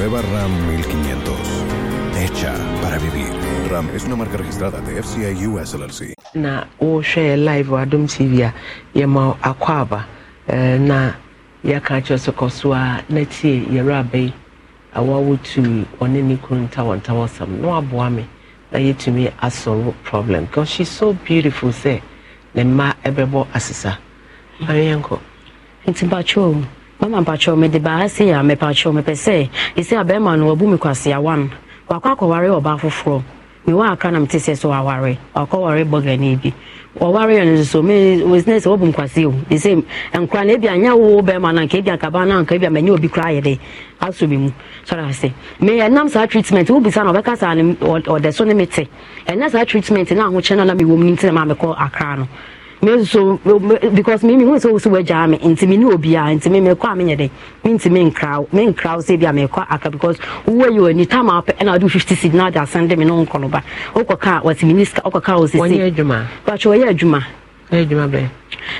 Nueva RAM 1500. Hecha para vivir. RAM es una marca registrada de FCI US LLC. Na wohwɛ live adom tv a yɛma akɔ aba eh, na yɛaka kyerɛ sɛ kɔ so a na tie yɛrɛ aba yi awawotu ɔne ne kuru ntawantawansam na waboa me na yɛtumi asɔre problem because she's so beautiful sɛ ne mma ɛbɛbɔ asesa ma yɛnkɔ nti mama mpakyɛw mede baa se a mepakyɛw mepɛ sɛ ɛsɛ a bɛrima no wabu me kwasea wan wakɔ akɔware ɔbaa foforɔ mewɔ aka na mete sɛ so aware wakɔware bɔgani bi ɔware yɛ no soso me wesine sɛ wabu nkwase o ɛsɛ nkora na ebi anyɛ wo bɛrima no anka ebi ankaba no anka ebi amanyɛ obi koraa yɛ dɛ asɔ bi mu sɔrɔ ase me ɛnam saa treatment wobisa na ɔbɛka saa ɔdɛ so ne me te ɛnɛ e saa treatment na ahokyɛ no na mewɔ mu no nti na maa mekɔ akra no me because mimi me hu sɛ wosi wagyaa me nti me ne obiaa nti me mekɔ a menyɛ dɛn mentimi nkraw menkraw sɛ bia mekɔ aka because wowɔ yi ani tam apɛ ɛna wode 50 cedi na wode asɛnde me ne wo nkɔ no ba wokɔka wɔte mene sika wokɔka wo sese bakyɛ ɔyɛ adwuma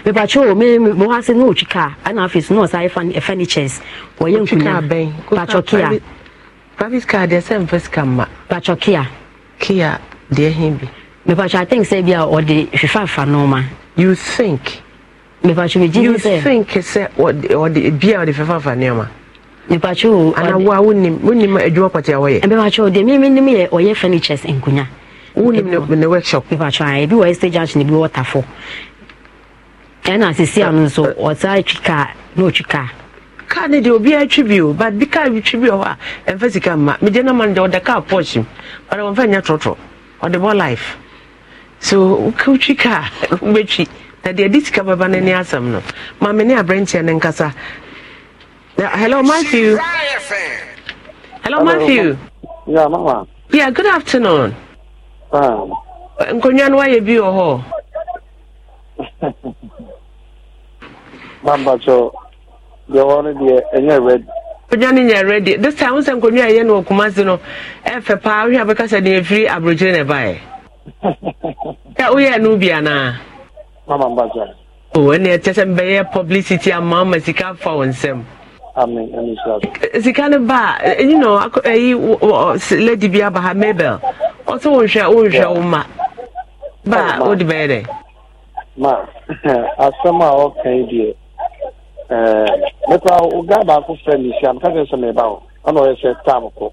mepakyɛ o mewɔ ase ne ɔtwi kaa ɛna afei so ne ɔsa furnitures wɔyɛ nkunya bakyɔkea private car deɛ sɛ mfa sika ma bakyɔkea kea deɛ he bi mepakyɛ i sɛ bia ɔde hwefafa no ma you think you think sɛ ɔde bia ɔde fɛfafa nneɛma mepatwo anawoa wonim wonim adwuma pɔte a wɔyɛ mepatwo deɛ memenim yɛ ɔyɛ furnitures nkonya wonim ne workshop mepatwo a ebi wɔyɛ stage action ebi wɔtafo ɛna sisi ano nso ɔsa twi kaa na ɔtwi kaa kaa ne deɛ obiara twi bi o but bi kaa bi twi bi wɔ hɔ a ɛmfa sika mma megye no ma no deɛ ɔda kaa pɔhye m ɔde wɔmfa nyɛ torɔtorɔ ɔde bɔ life so nke wotwi ka wobɛtwi na deɛ de sika bɛba no ani asɛm no ma me ne no nkasa hello matthew hello matthew yeah, mama. yeah good afternoon ah. nkonnwa no wayɛ bi wɔ hɔ mambakyɛ deɛ wɔ no deɛ ɛnyɛ red nkonnwa no nyɛ ready this time wo sɛ nkonnwa a ɛyɛ no wɔ kumase no ɛfɛ paa wohwɛ a bɛka sɛ deɛ ɛfiri aborɔkyere na ɛbaeɛ ẹ woyɛ no bi anaa mama mbasa o ɛne ɛkyɛ sɛ mbɛyɛ publicity ama ma sika fa eh, wo nsɛm sika no ba ɛyi no lady bi aba ha mabel ɔsɛ wonhwɛ wonhwɛ wo ma ba wode bɛyɛ dɛ ma asɛm a ɔka yi deɛ eh, mepɛ wo ga baako frɛ me hyia meka kyerɛ sɛ meba wo ana ɔyɛ sɛ tam kɔ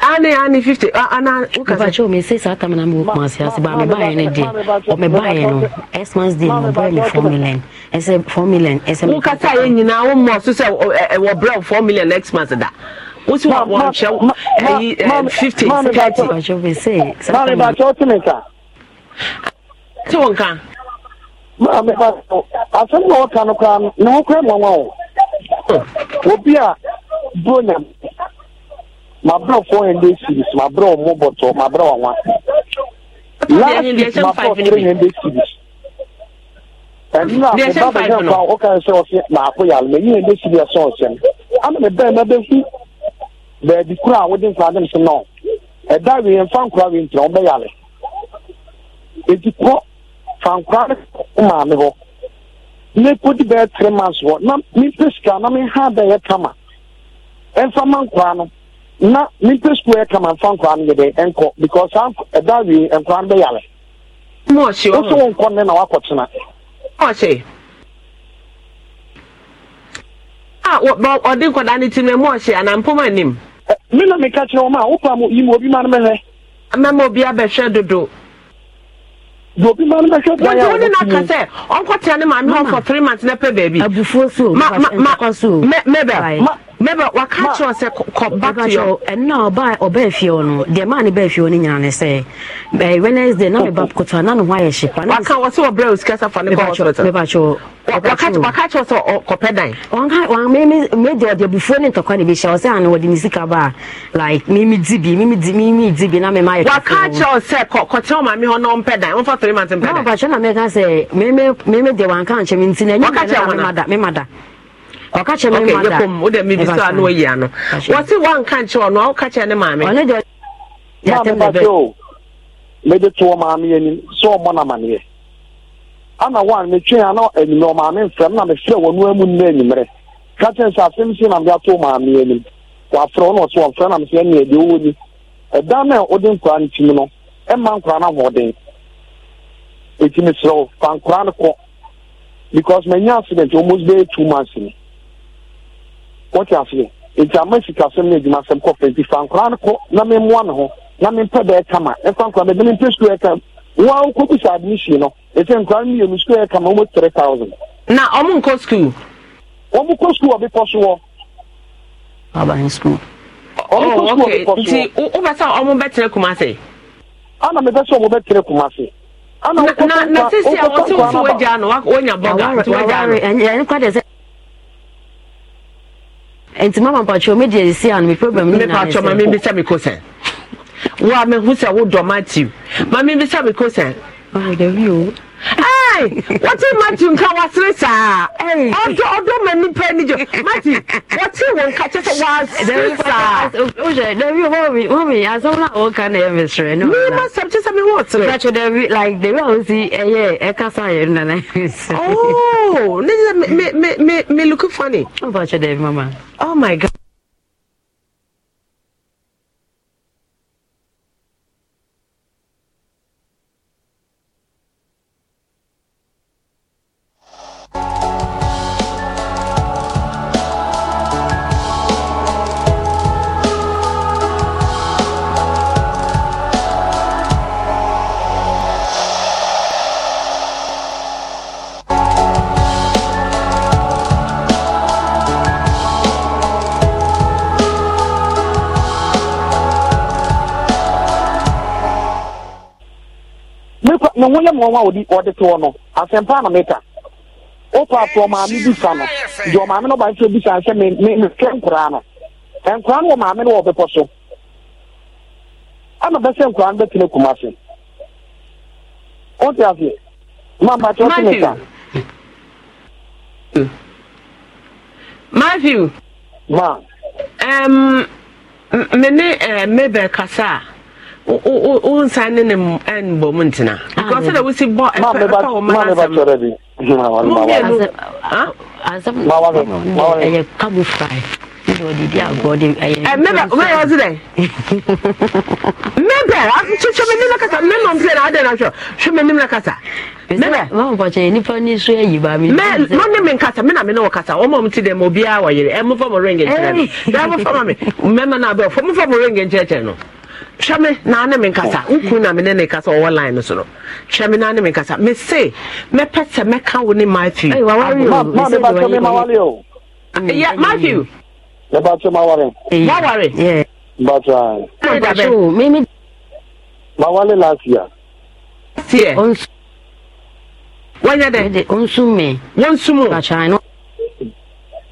ani ani fifty ana na mewɔ kuma ase ase ba mebaeɛ no me four million ɛsɛ four million ɛsɛ wokasa yɛ nyinaa wommɔ so sɛ wɔbrɛ wo four million next month da fifty thirty na sɛ wɔn ka asɛm na wɔka no koraa oh. ne ma brɛ four hundred series ma brɛ ɔmo bɔtɔ ma brɛ wɔn wa last week ma brɛ three hundred series ɛnna ɔba bɛ yɛn fa ɔka sɛ ɔsɛ maako yɛ alima yi hundred series ɛsɛ ɔsɛ no ama mi bɛn ma bɛ hu baabi kura a wɔde nkura de nso nɔ ɛda wei nfa nkura wei ntina ɔbɛ yare eti kɔ fa nkura de kɔ maame hɔ ne ko di bɛyɛ three months hɔ na mi pe sika na mi ha bɛyɛ kama ɛnfa ma nkura no. na mepɛ sukuu yɛ kama mfa nkɔla no yɛdɛ nkɔ because ɛda wie nkɔla no bɛyare woso wo nkɔ ne na woakɔtena ɔde nkɔda no tim no mɔɔhye anampom anim me na meka kyerɛ wɔm a wopa i mu obi ma no mɛhwɛ mɛma obi abɛhwɛ dodo dobi maa mi sɛ bɔyɛ ɔwɔ tunu n'aka sɛ ɔnkɔtena ne maame hɔ for three months ne baabi abufuo so ma ma ma mɛbɛ ma. mɛba waka kyerɛ sɛ kɔ back to your ɛnna ɔba ɔbaa fie hɔ no deɛ maa ne baa fie hɔ eh, no nyinaa ne sɛ ɛɛ wednesday na meba kotoa na ne ho ayɛ hye pa na waka wɔsi wɔ brɛ osika safa ne kɔ hospital mɛba kyerɛ waka waka kyerɛ sɛ ɔkɔpɛ dan wanka wan me me me deɛ ɔde abufuo ne ntɔkwa ne bi hyɛ ɔsɛ ano wɔde ne sika ba like me me di bi me me di me me di bi na me ma yɛ kɛse waka kyerɛ sɛ kɔ kɔtɛn maame hɔ na ɔmpɛ dan ɔmfa three months mpɛ dan na ɔba me me me deɛ wanka nkyɛn mi nti na ɛnyɛ me ma ɔka kyerɛ ne mada ok mmiri bi so ano yi ano wɔsi wɔn nka nkyɛn ɔno ɔka kyerɛ ne maame. ɔno deɛ yàtɛ mi bɛ. maame anim sɛ ɔmmɔ no amanneɛ ana wa metwe a na anwummerɛ ɔmaame a na mefrɛ wɔno amu ka kyɛn na mede ato maame na ni a wode nkoraa no tim fa wɔte aseɛ nti ama sikasɛm no adwuma sɛm kɔfɛ nti fa nkora no kɔ na memmoa ne ho na mempɛ bɛɛ kama ɛfa nkora mɛde mempɛ sukuu ɛka wa wokɔbu sɛ admission no ɛsɛ nkora no mmienu sukuu ɛka ma wɔmɔ three thousand na ɔmo nkɔ sukuu ɔmo kɔ sukuu wɔ bepɔ so wɔ aban sukuu ɔmo kɔ sukuu wɔ bepɔ so nti wobɛ sɛ ɔmo bɛtena kumase ana mebɛ ana na sisi a nti mama mpakyɛw mi deɛ esi ano mi problem nyinaa ɛsɛ mpakyɛw maame bi sɛ mi ko sɛn wo a mi hu sɛ wo dɔ ma ti maame bi sɛ mi ko sɛn. ɔyɛ dɛbi o wɔte mati nka wasere saa ɔdɔ ɔdɔ ma nipa ani gye mati wɔte wɔn nka kyɛ sɛ wasere saa. dabi wɔmi wɔmi asɛm na wɔka na ɛyɛ mesere no. mi ma sɛm kyɛ sɛ mi wɔ sere. sɛkyɛ dabi like dabi a osi ɛyɛ ɛkasa yɛ no nana mesere. ooo ne sɛ mi mi mi mi luku fani. ɔba kyɛ dabi mama. oh my god. ho yɛ mmɔma a wɔde te hɔ no asɛmpa na meka wopɛ ato ɔmaame bi sa no deɛ ɔmaame no ɔbae sɛ bi sa sɛ mehwɛ nkoraa no nkoraa no wɔ maame no wɔ bepɔ so ama bɛsɛ nkoraa no bɛtena kuma se wote aseɛ mampakyɛ wote me sa matthew ma um, mene eh, mebe mebɛ kasa o nsan ne ne mbɔ mu ntena ah. because ɛna wosi bɔ ɛfɛ ɛfɛ wɔ mu n'asɛm mu ɛyɛ kabu fry mɛbɛ mɛyɛ ɔsi dɛ mɛbɛ akyekye mɛ nimla kasa mɛ mɔ mpire na adɛ na hwɛ hwɛ mɛ nimla kasa mɛbɛ mɛ mpɔkyɛ nipa ni so ayi ba mi mɛ mɛ ne mi nkasa mɛ na mi ne wɔ kasa wɔn a wɔn ti dɛ mɛ obiara wɔ yere ɛ mo fɔ mo rengi nkyerɛ no dɛ mo fɔ mo mi mɛma na abɛ fɔ hwɛ me na ne me nkasa oh. wokunu na me ne ne kasa ɔwɔ line no so no hwɛ me na ne me nkasa me se mɛpɛ sɛ mɛka wo ne matthew matthew maware eh. uh, mawale last year last year wɔnyɛ dɛ wɔnsume wɔnsumu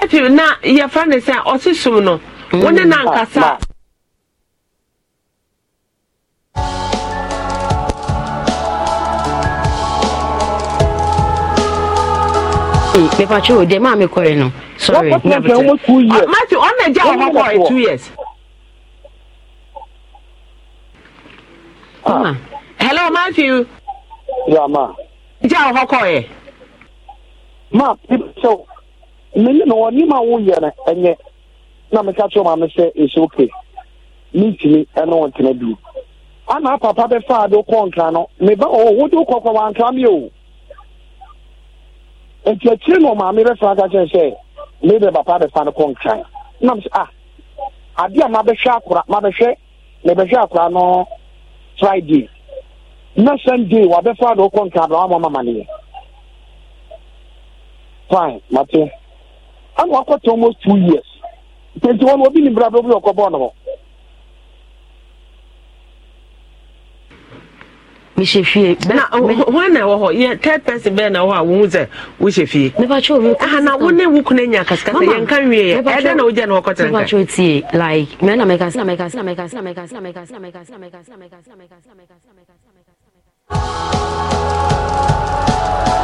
epi na yɛfra ne sɛ ɔsesom no wo mm. ne na nkasa. Eh, deɛ maa mekɔre no sorry mati ɔna gya ɔhɔ kɔre two years Mama. Ah, ah. hello matthew gya ɔhɔ kɔre ma mene na ɔnim a woyɛ no ɛnyɛ na meka kyerɛ maame sɛ ɛsɛ oke mentumi ɛne wo ntena ana papa bɛfaa de wokɔ nkra no meba ɔ wode wokɔkɔ wankra me o nti akyire na ɔmaame bɛfa ka kyerɛ sɛ mede papa bɛfa no kɔ nkran nam sɛ a. Ah, ade a mabɛhwɛ akora mabɛhwɛ mebɛhwɛ akora no friday na sunday wabɛfa de wokɔ nkra bra fine mate ana almost two years nti wɔn obi ni obi ɔkɔ bɔɔl no hɔ. mehyɛ fie na ɛwɔ hɔ yɛ third person na ɛwɔ hɔ a wohu sɛ wohyɛ fie ana wo ne wo kuna nya kasikasa yɛnka na na like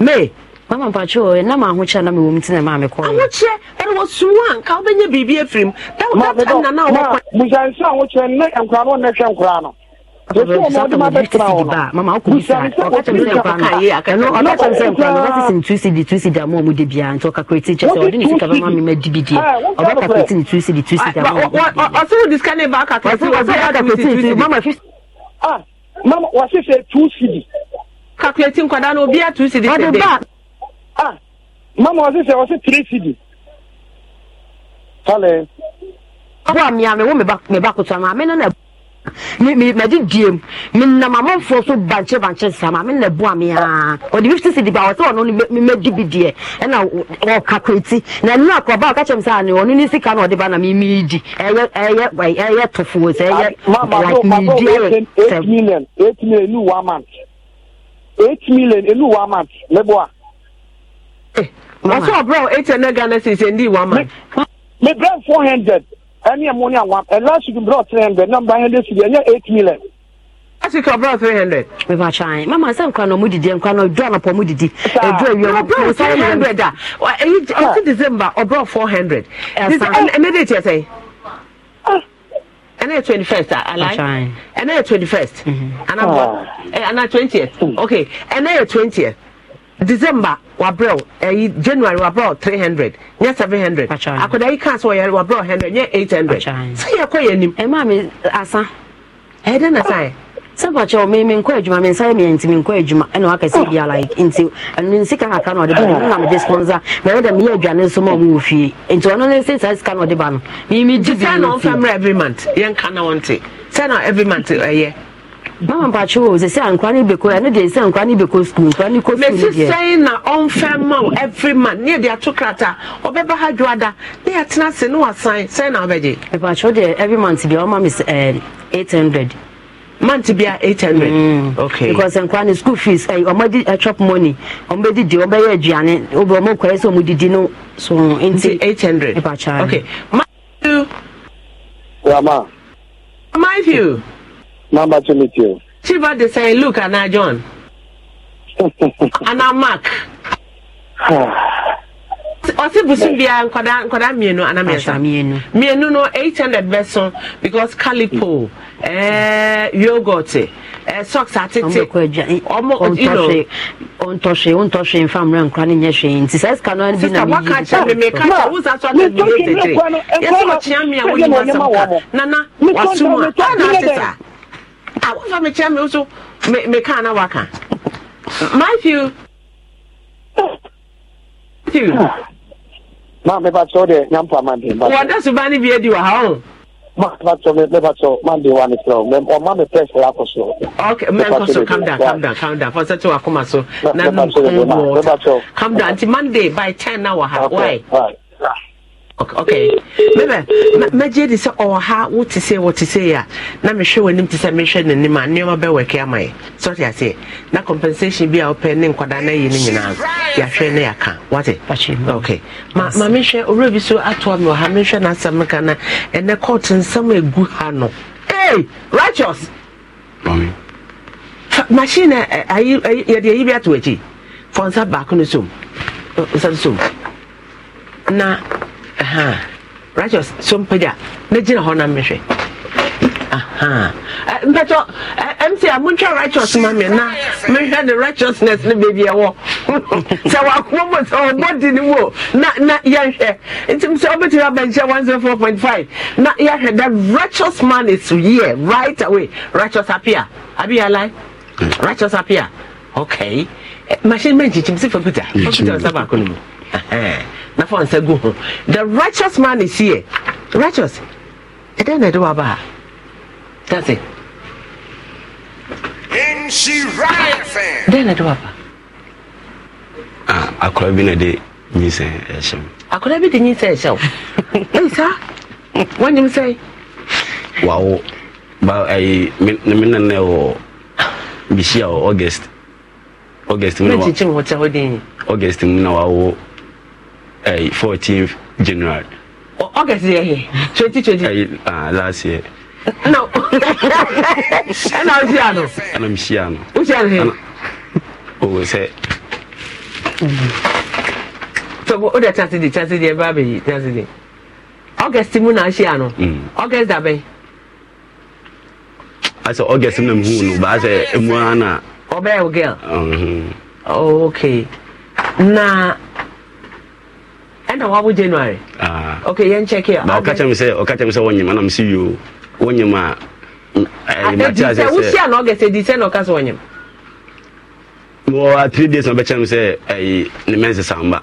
me mama mpakyɛ ɛ na ma ahokyɛ na mewɔ m tena ma mekɔ ahokyɛ ɛne wɔsum a nka wobɛnya biribi afirim nana wobɛbusansi ahokyerɛ nnɛ nkora no ɔnnɛ hwɛ nkora no mama wokɔsɔkatɛmsɛ nkra no bɛsesem tu cd tu cd ama ɔmu de biaa nti ɔkakrɛti kyɛ sɛ ɔde ne sika bɛma mema di bidie ɔbɛkakrɛti ne tu cd tu cd ama mama wɔsesɛ tu cd calculate nkwadaa na obi a two cd sɛ de. ah mama ɔsi sɛ ɔsi three cd. kale. ɔwɔ amia mi wo mi ba mi ba kuta maa mi nana mi mi mi di die mu mi nam amanfoɔ so bankye bankye sa maa mi na bu amia ɔdi fifty cd ba ɔsɛ ɔno mi mɛ di bi deɛ ɛna ɔkakureti na nnua akɔba ɔka kyɛm sɛ ani ɔno ne sika na ɔde ba na mi mi di ɛyɛ ɛyɛ ɛyɛ tofuo sɛ ɛyɛ like mi di ɛyɛ sɛ. eight million eight million ni one month. eight million enu one month mebo a. wàá sọ bro eight hundred ghana cedis ndi one month. mi bẹ̀rẹ̀ four hundred ẹni ẹ̀mú ni àwọn last week bro three hundred náà bá hundred cedis ẹ̀yẹ eight million. last week bro three hundred. mi bá mama sẹ nkwa na ọmú didi nkwa na ọjọ ànàpọ̀ ọmú didi ẹjọ ìwé wọn bro three hundred a èyí ọtí december ọbọ four hundred ẹsán ẹnẹdẹ tiẹ ɛna yɛ twenty first alai ah, ɛna yɛ twenty first mm-hmm. anabɔ ɛna twentieth mm. okay ɛna yɛ twentieth december wabrɛw ɛyi january wabrɛw three hundred nyɛ seven hundred akɔda yi kan so wɔyɛ wabrɛw hundred nyɛ eight hundred sɛ yɛ kɔ yɛ nim. ɛmaa mi asa. ɛyɛ dɛ na sa yɛ sɛmpa kyɛ me menkɔ adwuma mensa yɛ meɛnti menkɔ adwuma ɛna waka sɛ bia like nti ɛno nsika kakra na ɔde ba no na mede sponsor mɛyɛ dɛ meyɛ aduane nso ma ɔmo wɔ fie nti ɔno ne sɛ saa sika na ɔde ba no memegye bi na ɔmfa mmerɛ every month yɛnka na wɔnte sɛ na every month ɛyɛ bama mpakye o sɛ sɛ ankora ne bɛkɔ ɛno deɛ sɛ ankora ne bɛkɔ sukuu nkora ne kɔ sukuu deɛ mesi sɛn na ɔmfɛ ma every month ne yɛde ato krataa ɔbɛba ha dwoada ne yɛtena ase ne wasan sɛn na ɔbɛgye every month deɛ ɔma me eh, eight hundred month bia eight hundred. Mm, okay because nkwa ne school fees ɛyi eh, ɔmo di eh, chop money ɔmo bɛ didi ɔmo bɛ yɛ aduane obi ɔmo kɔ ɛsɛ ɔmo didi no so nti eight hundred. ɛpa kyaa okay matthew. yama. matthew. mama tí mi tiẹ. chiba de sẹ́yìn luke ana john. ana mark. ɔsi busum bia nkɔda nkɔda mmienu ana mmiɛnsa mmienu mmienu no eight hundred bɛ so because calipo ɛɛ yogurt ɛɛ socks atete ɔmo you know ntɔhwe ntɔhwe nfa mmerɛ nkora ne nyɛ hwee nti sɛ sika no bi na meyi sika mekaka kyɛ wo sa so ata bi yɛ tɛtɛrɛ yɛsɛ ɔkyea me a wonim asɛm ka nana wasom a ana ate saa a ah, wofa mekyea me wo so meka na waka matthew na mɛba kyɛw dɛ nyampa mande wɔda so ba no bi adi wɔ ha o mɛba kyɛw mɛba kyɛw mande wa ne kyerɛw ɔma me pɛ sɛ akɔ so ok mɛnkɔ so calm down calm down calm down fa sɛ kyɛ wakoma so na nom kɔn wɔ calm down nti Monday by ten na wɔ ha why okay mebe megye di sɛ ɔha oh, wote sei wote sei a na mehwɛ w'anim te sɛ mehwɛ n'anim a nneɛma bɛwɛke ama yɛ sɔte aseɛ na compensation bi a wopɛ ne nkwadaa no ayi no nyinaa yɛahwɛ na yɛaka wate okay ma ma mehwɛ owura bi so atoa me ɔha mehwɛ n'asɛm ka na ɛnɛ court nsɛm ɛgu ha no hey righteous machine eh, eh, ayi yɛde ayi bi ato akyi fɔ nsa baako no som nsa som na righteous so mpagya na gyina hɔ na mmehwɛ eh, mpɛtɔ eh, mc a montwa righteous ma me na mehwɛ ne righteousness ne baabi ɛwɔ sɛ wakoma mu sɛ ɔbɔdi ne mu na na yɛnhwɛ nti sɛ wobɛtumi aba nhyɛ 104.5 na yɛhwɛ that righteous man is here right away righteous appear abi alai hmm. righteous appear okay eh, machine mɛnkyikyim sɛ fa kuta ɔkuta ɔsa baako no mu na nsa gu ho the righteous man is here righteous ɛdɛn na ɛde wɔ aba ha that's it dɛn na ɛde aba ah akɔrɔ bi na de nyinsɛn ɛhyɛ mu akɔrɔ bi de nyinsɛn ɛhyɛ wo ɛyi saa wɔnyim sɛ wawo ba ayi ne me nanɛ wɔ bihyi a wɔ august august mu na wa august mu na wawo uh, 14th January. Oh, August yɛ hɛ 2020. Ɛyi last year. No. Ɛna o si ano. Ɛna mi si ano. O si ano hɛ. O wɔ sɛ. Tɔbɔ o de tase de tase de ɛba bɛ yi tase de. August mu na si ano. Mm. August da bɛ. Asɛ August na mu hu no ba asɛ emu ana. Ɔbɛ yɛ o girl. Uh-huh. Okay. Na. ɛna wabo january ah. okay yɛn check here ba ɔka mi sɛ ɔka mi sɛ wɔnyim anam si yi o wɔnyim a ɛdi sɛ wohyia na ɔgɛ di sɛ na ɔka sɛ wɔnyim wɔ three days na ɔbɛkyerɛ mi sɛ ɛyi ne mɛnsi samba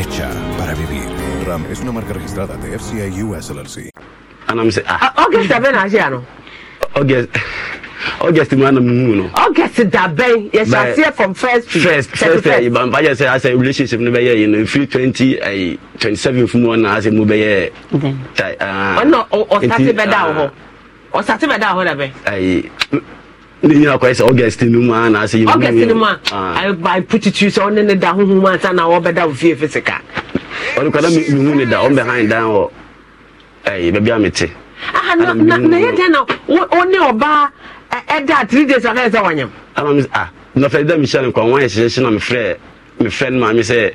hecha para vivir. Ram es una marca registrada de FCI US LLC. Anamse. Ah, August abẹ na ase ano. August August mu anam mu no. August dabẹ yẹ ṣe aseɛ ah. ah, from first to first first ɛ ibà mpa yẹ sɛ asɛ relationship ni bɛ yɛ yɛn no fi twenty ɛ twenty seven fún mu ɔna asɛ mu bɛ yɛ. Ɔnà ɔsate bɛ da wɔ hɔ ɔsate bɛ da wɔ hɔ dabɛ ne nyina kɔ sɛ august no mu a naasɛ yɛ august no mu a ah. i put to you sɛ ɔne ne da honhom ansa na wɔbɛda wo fie fisika ɔno kɔda mehu ne da ɔmbɛhan dan wɔ ɛyɛ baabi a mete na yɛ dɛn na ɔne ɔbaa ɛda three days akayɛ sɛ wanyam ama ah nɔfɛ da mehyɛ no nkɔn wanyɛ hyehyɛ na mefrɛ mefrɛ no maame sɛ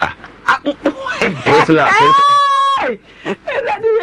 ah, ah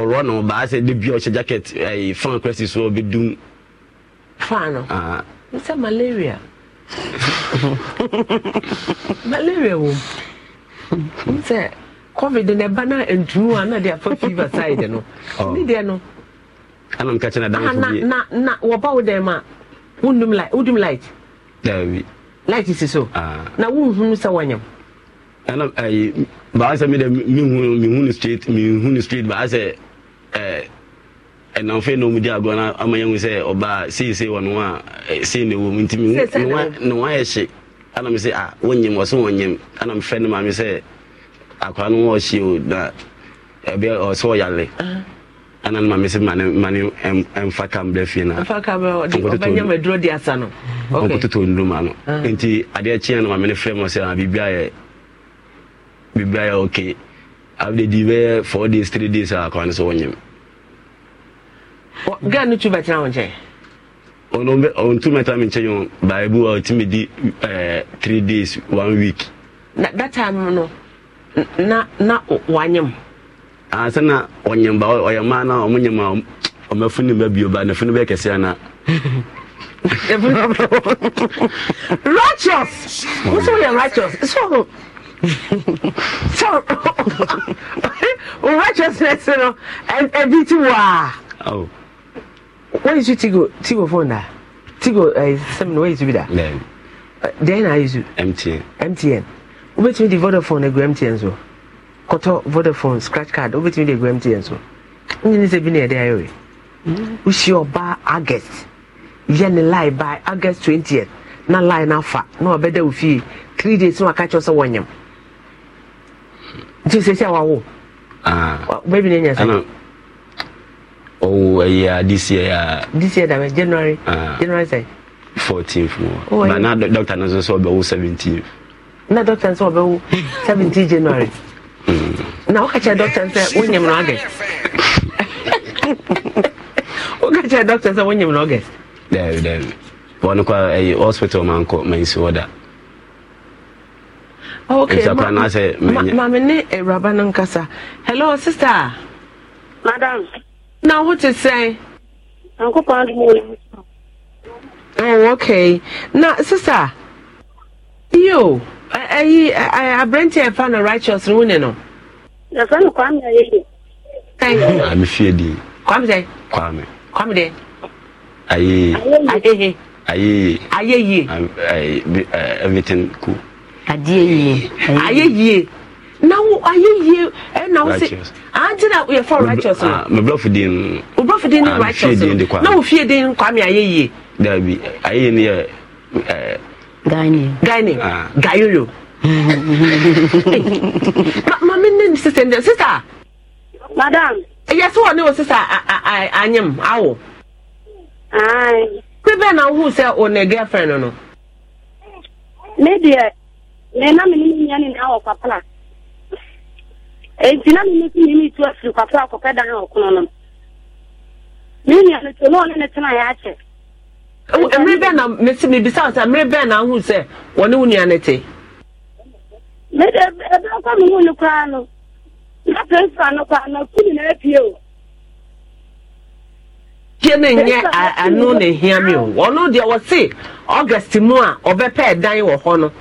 ɔrɔ na ɔbaa sɛ de bi a ɔhyɛ jacket ɛyi eh, fan kɛse so ɔbɛ dum. fan no n sɛ malaria malaria wɔ mu n sɛ covid na ɛba na ntunu a na de afa fever side no ne deɛ no. ana nka kyɛn na danfo ah, bi. na na ah. na wɔba wo dɛm a wundum light wundum light. daabi. light si so. na wunhun sɛ wɔnyam. ɛnna ɛyi baasa mi dɛ mi hun mi hun ni street mi hun ni street baasa. e ah, fɛ na ɔmudi agorɔ no ama yɛhu sɛ ɔbaa seesei wɔ no a sei na ɛwɔ nti ne wa yɛ hye ana me sɛ a wonyem ɔ so wɔnyem ana mefɛ no maame sɛ akwara no wɔhye o na ɔ ɔsɛ ɔyale ana no maame sɛ mane ɛmfa ka mbrɛ fie nonkɔtotɔ nduruma no uh-huh. nti adeɛ kyeɛ no maame no frɛ mɔ ah, sɛ biribiayɛ biribiayɛ okay after di bɛyɛ four days three days a kwan so wɔnyam. gaa no tu bɛtena wo nkyɛn. ɔno ɔntu mɛta mi nkyɛn o baabu a ɔtumi di ɛɛ three days one week. na that time no na na wanyam. ansa ah, na ɔnyam ba oh, ɔyɛ mmaa na ɔmo nyam um, a ɔmɛfo ne ba bio ba ne funu bɛyɛ kɛseɛ na. righteous wosɛ woyɛ righteous so so righteousness no ebi ti oh where is yìí tigo tigo phone da tigo sẹ́mi ni wọ́n yìí tu bi da then na use tu mtn mtn wobɛtumi de vodafone agu mtn so kɔtɔ vodafone scratch card wobɛtumi de agu mtn so nye ne sɛ bi na yɛde ayɛ oe wohyia ɔbaa august yɛ ne lie by august 20th na lie na afa na obede wo fie three days na waka kyerɛ sɛ wɔnyam nti sɛ sɛ wawo baabi na ɛnya sɛ ɔwo ɛyɛ a this a this year uh, january uh, january sɛ fourteenth mu oh, na doctor no nso sɛ ɔbɛwo seventeenth na doctor nso ɔbɛwo seventeenth january na woka kyerɛ doctor sɛ wonyim no agɛ woka kyerɛ doctor sɛ wonyim no agɛ dɛbi dɛbi wɔn kɔ ɛyɛ hospital ma nkɔ ma wɔ da Oh, nsapra na sɛ menyɛ maame ne awuraba no nkasa hello sister madam na wo te sɛn nyankopɔn adom oh okay na sister yo ayi aberante ɛfa no righteous no wone no yɛfɛ no kwame ayɛyɛ kwame fie din kwame sɛ kwame kwame dɛ ayɛyɛ ayɛyɛ ayɛyɛ eh, eh, everything cool adeɛ yie ayɛ yie na wo ayɛ yie ɛna wo se ante ah, na yɛ fɔ righteous no ah, mebrɔfo den obrɔfo den ne ah, righteous no na wo fie den kwame ayɛ yie dabi ayɛ yie ne yɛ gane gane gayoyo maame ne ne sista ne sista madam yɛ sɛ wɔ ne wo sista anyam awo ayi pe bɛn na wo hu sɛ o ne girlfriend no ne deɛ na eh, na mene ne nyane na wɔ kwapra enti na mene si mene tu afiri kwapra kɔpɛ dan a ɔkono no me nua no to na ɔne ne tena yɛ E mmere bɛn na mesi mebisa wo sɛ mmere bɛn na ahu sɛ wɔne wo nua no te mede ɛbɛn kɔ me hu no koraa no na principal no koraa na ku nyinaa pie o tie na ehia o august mu a ɔbɛpɛ ɛdan wɔ hɔ no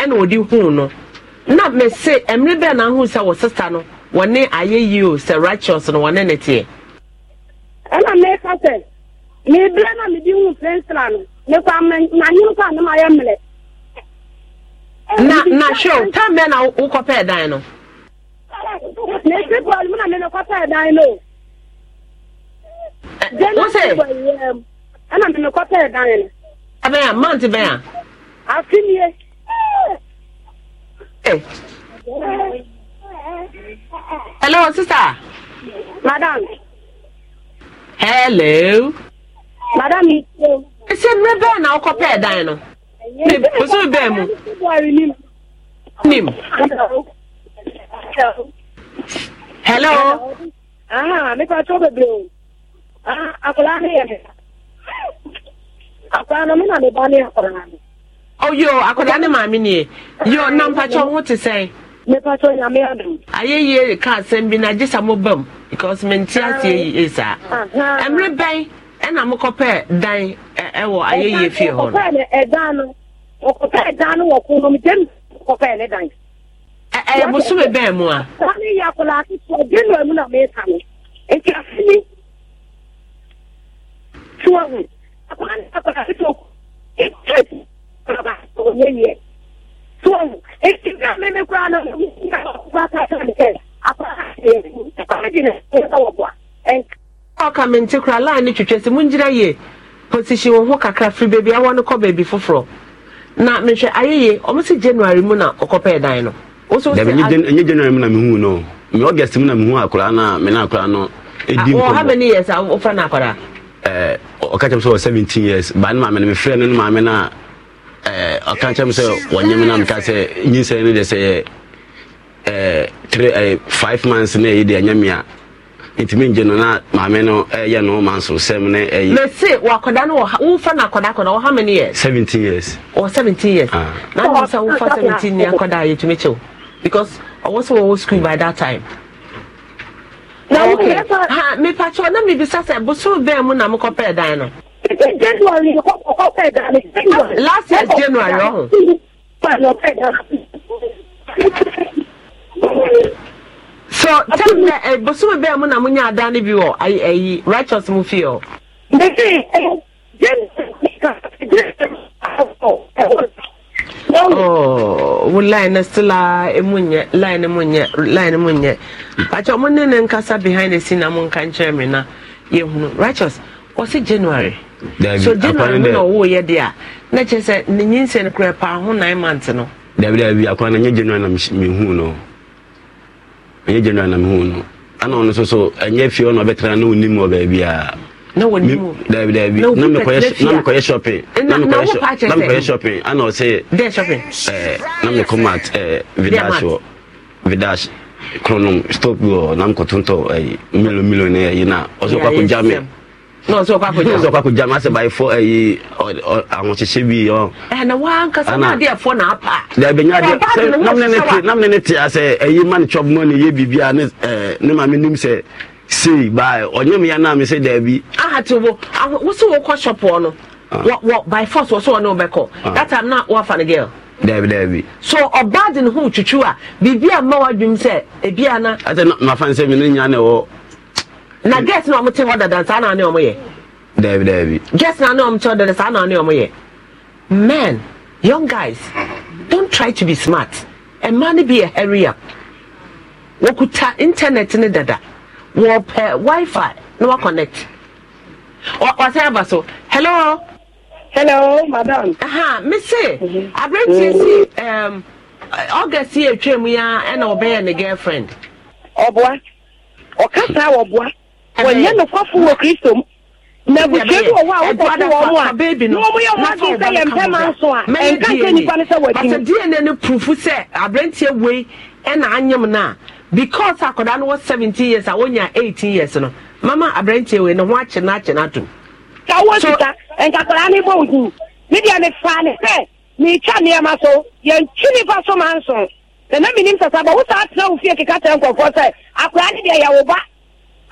ɛna ɔde huu no na mese mmerɛ bɛɛ na ahu sɛ wo sista no wɔne ayɛ yie o sɛ righteous no wɔne ne teɛ ɛna meka sɛ mebrɛ na mede hu frɛnsra no mekɔ mahene kɔ a ne mmerɛ na na hwɛ o tam bɛɛ na wokɔpɛɛ dan no mesi bɔl mu na mene kɔpɛɛ dan no wosɛ ɛna mene kɔpɛɛ dan no ɛbɛn a mant bɛn a afenie Eh. Hello, sister. Madam. Hello. Madam, esi mmiri bẹẹ na ọkọ pẹẹ dan e no osu bẹẹ mu Hello. Nípa tó bèbè o, ah, akwadaa ni e na oyo oh, akwadaa ne maame nie yo na mpakyɛ wo te sɛn mepakyɛ nyame adom ayɛ yie ka asɛm bi na gye sa moba mu because mente aseɛ yie saa mmerɛ bɛn ɛna mokɔpɛɛ dan ɛwɔ ayɛ yie fie hɔ no ɛdan no wɔkɔpɛɛ dan no wɔ konom gyam kɔpɛɛ ne dan ɛyɛ bosome bɛn mu a saa ne yɛ akwadaa ketewa gyenoa mu na meka no nti afeni tuwa ho akwadaa ne akwadaa ketewa yɛyɛ me nte kora line twitwa sɛ mongyina yie position wo ho kakra firi baabi awɔ no kɔ baabi foforɔ na mehwɛ ayɛye ɔmo sɛ january mu na ɔkɔpɛɛ dan no ɛnyɛ january mu na mehu no me august mu na mehu akoraa no a me no akoraa no ɛdiwɔha mani yɛ sɛ wofa no akwaraa ɔka kyɛm sɛ wɔ 17 years baa ne maame no mefrɛ no no maame na ɔka eh, kyɛm sɛ wɔnyem na meka sɛ nyinsɛ no deɛ sɛ yɛ eh, eh, five months na ɛyi deɛ ɛnyɛme a ntumi ngye no na maame no ɛyɛ no ma nso sɛm ne ɛyi na se wakɔda no wofa no akɔda kɔ na many years 17 years 17 years ah. na wom sɛ wofa 17 ne akɔda a yɛtumi kyew because ɔwɔ sɛ wɔwɔ school by that time na ah, okay ha mepa na mebisa sɛ bosoro bɛn mu na mokɔpɛɛ dan no January, last year January ọhụ. so tell me ẹ bosome bẹẹ mu na mu nye ada ni bi wọ ayi ayi righteous mu fi ọ. Oh, wo line na still a emu nye line mu nye line mu nye pàtó ɔmo ne ne nkasa behind the scene na mo nka nkyɛn mi na yehunu righteous wɔsi January. so di na ano na ɔwɔ yɛ de a na kyerɛ sɛ ne nyinsɛn kura paa ho nine months no. dabi dabi akwan na nye general na mehu no nye general na mehu no ana ɔno nso so nye fie ɔno ɔbɛtena na onim wɔ baabi a. na wɔ nimu dabi dabi na mekɔyɛ na mekɔyɛ shopping na mekɔyɛ na mekɔyɛ shopping ana ɔsɛ. dɛ shopping. ɛɛ eh, na mekɔ mat ɛɛ eh, vidash wɔ vidash kɔnɔ stop wɔ na mekɔtontɔ ɛɛ eh, milo milo ne yɛ yi na ɔsɛ kɔ akɔ germany. No, na ọsọ ọkọ akọjá ọsọ ọkọ akọjá ma ṣe ba ẹfọ ẹyi àwọn ṣiṣẹ bi ọ. ẹnna wa nkasa náà di ẹfọ náà pa. dàbí nyá di sẹ namnene ti namnene ti asẹ ẹyi eh, mani chop mọ ni yẹ bibi a ne ẹ eh, ne maame nim sẹ sei baa ọnyẹ mi ya náà mi sẹ dàbí. aha ti wo wosi ah, wo kọ shop ọ no wọ ah. wọ by force wọ sọ wọn náà bẹ kọ that time na wọ afa ni girl. daabi daabi. so ọbaa di ne ho twitwi a biribi a mma wa dwom sẹ ebi ana. ẹ sẹ nafa nsẹmi ne nya na ẹwọ na guest na ɔmo te hɔ dada saa na ne ɔmo yɛ. dabi dabi. guest na ne ɔmo te hɔ dada saa na ne ɔmo men young guys don't try to be smart mmaa no bi yɛ hurry up wɔkuta internet ni dada wɔpɛ wifi na wɔconnect wɔsan aba so hello. hello madam. aha mese mm-hmm. aberanteɛ si um, august yi atwa mu ya ɛna ɔbɛyɛ ne girlfriend. ɔboa ɔkasa ɔboa wɔnyɛ nokwafo wɔ kristo mu na abusua bi wɔ hɔ a wotɔ so wɔ mu a na wɔn yɛ wɔn adi sɛ yɛn mpɛ maa nso a ɛnka nkyɛn nipa no sɛ wɔakyi mu. dna no purufu sɛ aberanteɛ wei ɛna anyam no because akwadaa no wɔ seventeen years a wonya eighteen years no mama aberanteɛ wei ne ho akye no akye ah. no atom. kawo sita nkakwadaa no bɔ ntu media ne fa ne sɛ meetwa nneɛma so yɛntwi nipa so maa nso na na menim sasa bɔ wotaa tena wo fie keka kyerɛ nkɔfoɔ sɛ akwadaa no deɛ yɛwo ba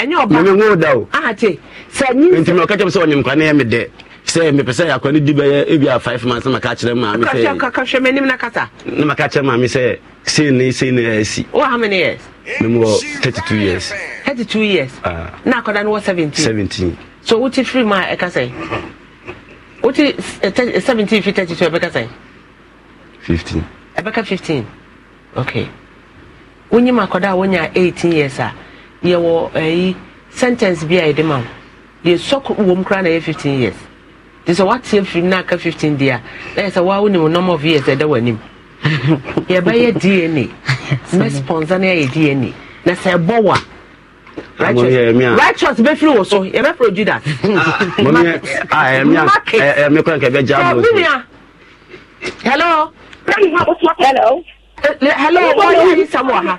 ɛnyɛ ɔba mɛmɛ ŋo da o ah, ate sɛ nyi nti mɛ ɔka kyɛm sɛ ɔnyim kwan yɛ me dɛ sɛ mepɛ sɛ akwa ne di bɛyɛ ebia five months na maka kyerɛ maame sɛ kaka hwɛ m'anim na kasa na maka kyerɛ maame sɛ sei ne sei ne asi wo how many years mɛmu wɔ thirty two years thirty two years uh, na akwadaa no wɔ seventeen seventeen so wote firi ma ɛka sɛ wote eh, eh, seventeen fi thirty two ɛbɛka sɛ fifteen ɛbɛka fifteen okay wonyim akwadaa a wonya eighteen years a yɛwɔ ɛyi sentence bi a yɛde ma wo yɛsɔ wɔm koraa na ɛyɛ fifteen years te sɛ woateɛ firi na aka fifteen deɛ a na yɛ sɛ woa wonim number of years ɛda w'anim yɛbɛyɛ dna mɛsponsor no yɛyɛ dna na sɛ ɛbɔ wo a righteous bɛfiri wo so yɛbɛfrɛ a hello hello hello wọ́n Hello. Hello. Hello. Hello.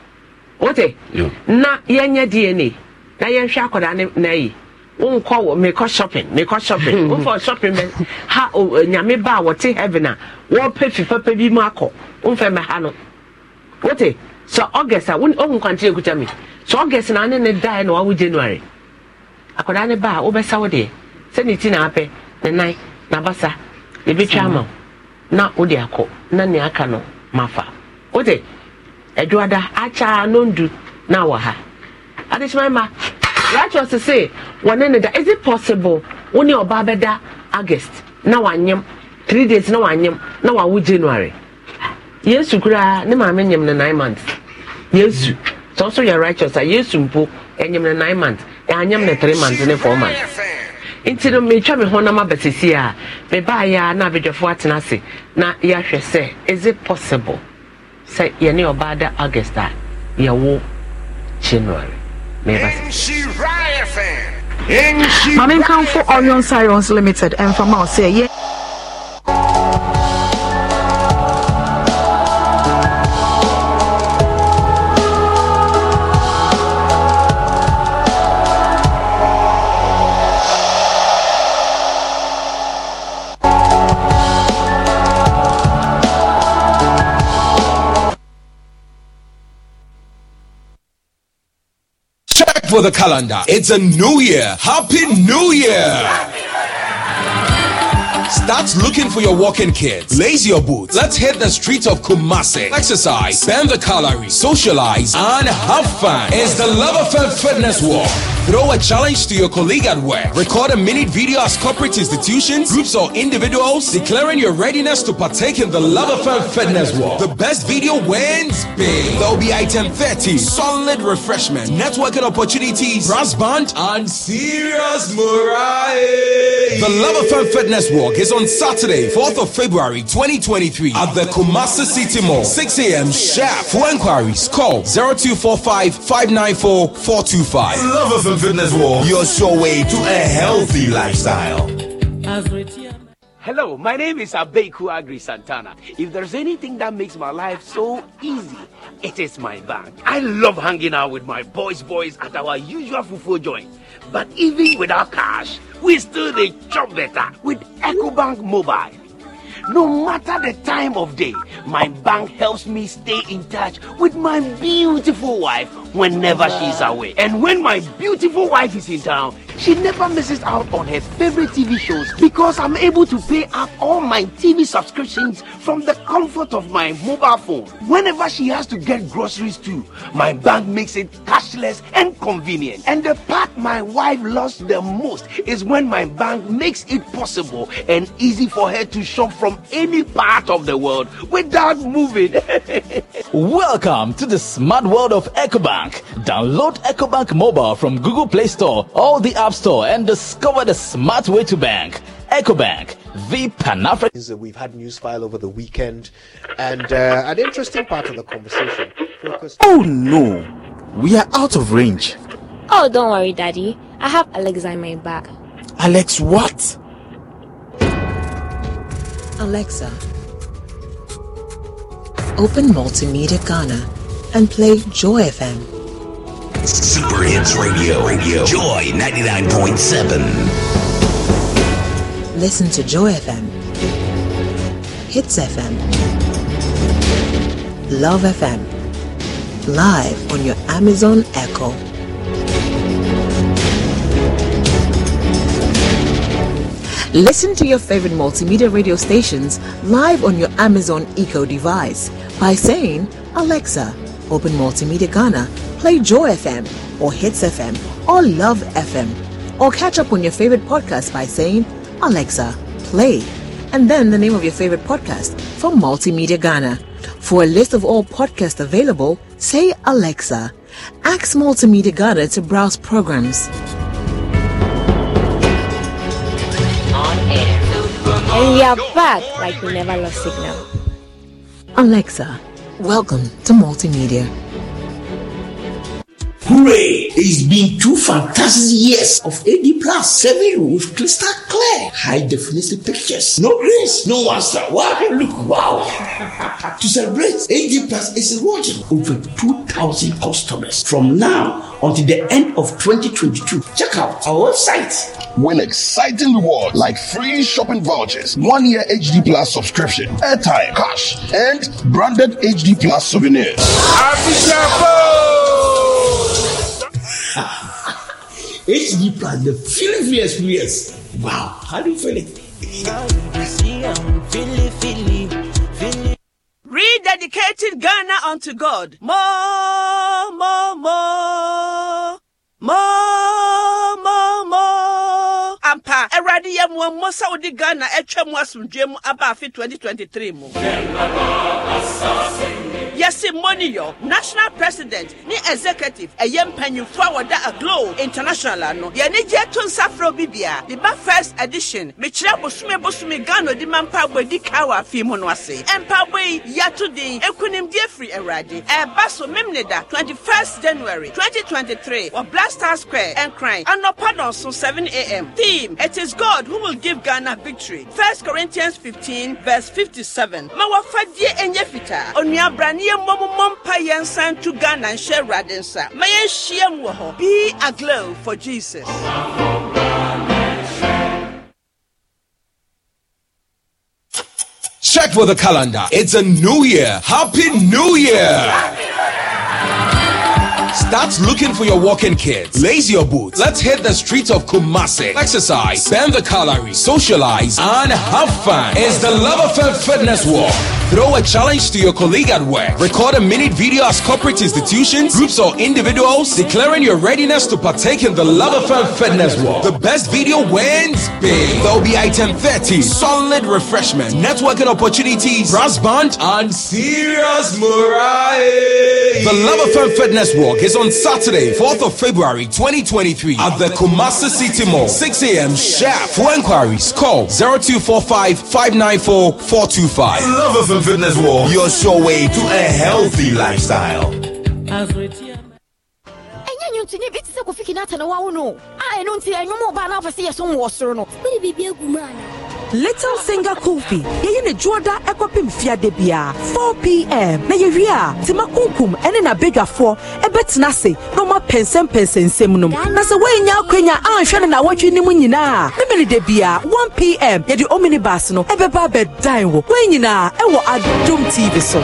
wote na yɛnyɛ dna na yɛnhwɛ akɔdaa ne na yi wonkɔ wɔ mekɔ shopping mekɔ shopping wofɔ shopping bɛ ha nyame ba a wɔte heaven a wɔpɛ fi papa bi mu akɔ womfɛ mɛha no wote sɛ august a wohu kwante ɛkuta me sɛ august na ne ne daeɛ na wawo january akɔdaa ne ba a wobɛsa wo deɛ sɛ ne ti na apɛ ne nan nabasa yɛbɛtwa ama wo na wode akɔ na ne aka no mafa wote adwada akyaa nondu na wɔ ha adekyema ma rachel sese wɔne ne da is it possible wo ne ɔbaa bɛda august na wanyem three days na wanyem na wawo january yesu koraa ne maame nyem ne nine months yesu sɛ ɔso yɛ righteous a yesu mpo ɛnyem e ne nine months ɛanyem e ne three months ne four months nti no metwa me honam abɛsisi a mebaeɛ a na abadwafoɔ atena ase na yɛahwɛ sɛ is it possible sɛ yɛne ɔbaa da august a uh, yɛwo january mame nkamfo orion sirons limited ɛmfama ɔsɛ yɛ for the calendar. It's a new year. Happy New Year! Start looking for your walking kids. Lace your boots. Let's hit the streets of Kumasi. Exercise, spend the calories, socialize, and have fun. It's the Love Affair Fitness Walk. Throw a challenge to your colleague at work. Record a minute video as corporate institutions, groups, or individuals declaring your readiness to partake in the Love Affair Fitness Walk. The best video wins big. There'll be item 30, solid refreshment, networking opportunities, brass band, and serious morale. The Love Affair Fitness Walk is on on Saturday, 4th of February 2023 at the Kumasi City Mall, 6 a.m. sharp. For inquiries, call 0245 594 425. Love of Fitness Wall, your sure way to a healthy lifestyle. Hello, my name is Abeku Agri Santana. If there's anything that makes my life so easy, it is my bank. I love hanging out with my boys, boys at our usual fufu joint. But even without cash, we still dey job better with EcoBank Mobile. No matter the time of day, my bank helps me stay in touch with my beautiful wife whenever she's away. And when my beautiful wife is in town, she never misses out on her favorite TV shows because I'm able to pay up all my TV subscriptions from the comfort of my mobile phone. Whenever she has to get groceries too, my bank makes it cashless and convenient. And the part my wife loves the most is when my bank makes it possible and easy for her to shop from any part of the world without moving. Welcome to the smart world of EcoBank. Download EcoBank mobile from Google Play Store. All the apps App Store and discover the smart way to bank. EcoBank, the Pan African. We've had news file over the weekend, and uh, an interesting part of the conversation. Focused- oh no, we are out of range. Oh, don't worry, Daddy. I have Alexa in my bag. Alex, what? Alexa, open Multimedia Ghana and play Joy FM. Super Hits Radio. Radio. Joy 99.7. Listen to Joy FM. Hits FM. Love FM. Live on your Amazon Echo. Listen to your favorite multimedia radio stations live on your Amazon Echo device by saying, Alexa, Open Multimedia Ghana, play Joy FM or Hits FM or Love FM. Or catch up on your favorite podcast by saying, Alexa, play. And then the name of your favorite podcast from Multimedia Ghana. For a list of all podcasts available, say Alexa. Ask Multimedia Ghana to browse programs. And we are back like we never lost signal. Alexa, Welcome to Multimedia. Hooray! It's been two fantastic years of AD plus seven with crystal clear, high definition pictures. No grace, no answer. Wow, look, wow. to celebrate, AD plus is rewarding over 2,000 customers from now until the end of 2022. Check out our website. Win exciting rewards like free shopping vouchers, one year HD Plus subscription, airtime, cash, and branded HD Plus souvenirs. Happy Shampoo! it's plan, the feeling feel experience. Wow, how do you feel it? Rededicating Ghana unto God. More, more, more, more. awurade yɛ mmoa mmɔ sɛ wode ghana atwa mu asomdwe mu aba afe 2023 mu yɛse mmoniyɔ national president ne executive ɛyɛ mpanyimfoɔ a wɔda aglo international ano yɛne gye to nsa frɛ bia de ba first edition mekyerɛ bosome bosome ghana ɔde ma mpaabɔ adi kaa wɔ afei mu no ase mpaabɔ yi yɛato den ɛkunimdeɛ firi awurade ɛɛba so mem ne da 21st january 2023 wɔ black star square ɛnkran anɔpa So 7am theme it is god God who will give Ghana victory. 1 Corinthians 15, verse 57. Mawafadie enye fita. Onua branie momomompa yensan to Ghana and share radensa. Maye shiem woho. Be aglow for Jesus. Check for the calendar. It's a new year. Happy New Year! Happy New Year! That's looking for your walking kids. Lace your boots. Let's hit the streets of Kumasi. Exercise, spend the calories, socialize, and have fun. It's the Love Affair Fitness Walk. Throw a challenge to your colleague at work. Record a minute video as corporate institutions, groups, or individuals declaring your readiness to partake in the Love Affair Fitness Walk. The best video wins big. There'll be item 30, solid refreshment, networking opportunities, brass band, and serious morale. The Love Affair Fitness Walk is on on Saturday, 4th of February 2023 at the Kumasi City Mall, 6 a.m. sharp. For inquiries, call 0245 594 425. and Fitness World, your sure way to a healthy lifestyle. bi te sɛ no a ɛno nti ɔbaa no afɛ sɛ yɛ so soro no mu ana little singer kofi yɛyɛ ne juoda ɛkɔpem fiade bia 4pm na yɛwie a tima kunkum ɛne n'abadwafoɔ ɛbɛtena ase na ɔma pɛnsɛmpɛnsɛnsɛm nom na sɛ woanya akwanya anhwɛ no nawɔtwe no mu nyinaa ne mene da bia 1pm yɛde omnibus no ɛbɛba abɛdan wɔ wɔn nyinaa ɛwɔ adum tv so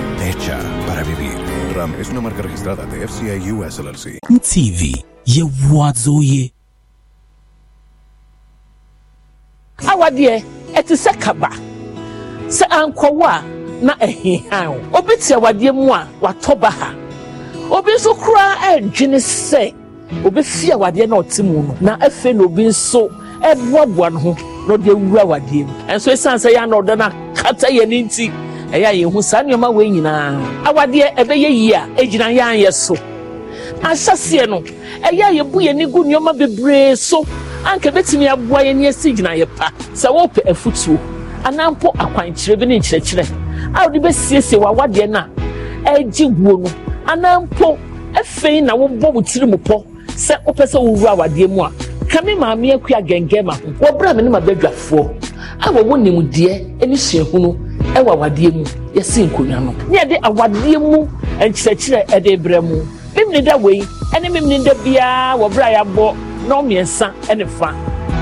hecha para vivir. Ram es una marca registrada de FCI US LLC. TV ye. E- awadeɛ ɛte sɛ kaba sɛ ankɔwɔ na ɛhehan obi te awadeɛ mu a watɔ ha obi nso koraa ɛredwene sɛ obi fi awadeɛ na ɔte no na afei na obi nso ɛboaboa ne ho na ɔde awura awadeɛ mu ɛnso esan sɛ na ɔda na kata yɛn ne nti ɛyɛ a yɛhu saa nneɛma wei nyinaa awadeɛ ɛbɛyɛ yie a ɛgyina yɛn so ahyɛseɛ no ɛyɛ a yɛbu yɛn ani gu nneɛma bebree so anka bɛtumi aboa yɛn ni asi gyina yɛ pa sɛ wɔpɛ afutuo anaa mpo akwankyerɛ bi ne nkyerɛkyerɛ a wɔde bɛsiesie wɔ awadeɛ no a ɛregye guo no anaa mpo afei na wɔbɔ wɔ tiri mu pɔ sɛ wɔpɛ sɛ wɔwura awadeɛ mu a kame maame akua gɛngɛn ma ho wɔbrɛ me ne ma badwafoɔ a wɔwɔ nimdeɛ ne suahunu ɛwɔ awadeɛ mu yɛsi nkonnwa no ne yɛde awadeɛ mu nkyerɛkyerɛ ɛde brɛ mu mimini da wei ɛne mimini da biara wɔ berɛ a yɛabɔ nɔɔ mmiɛnsa ɛne fa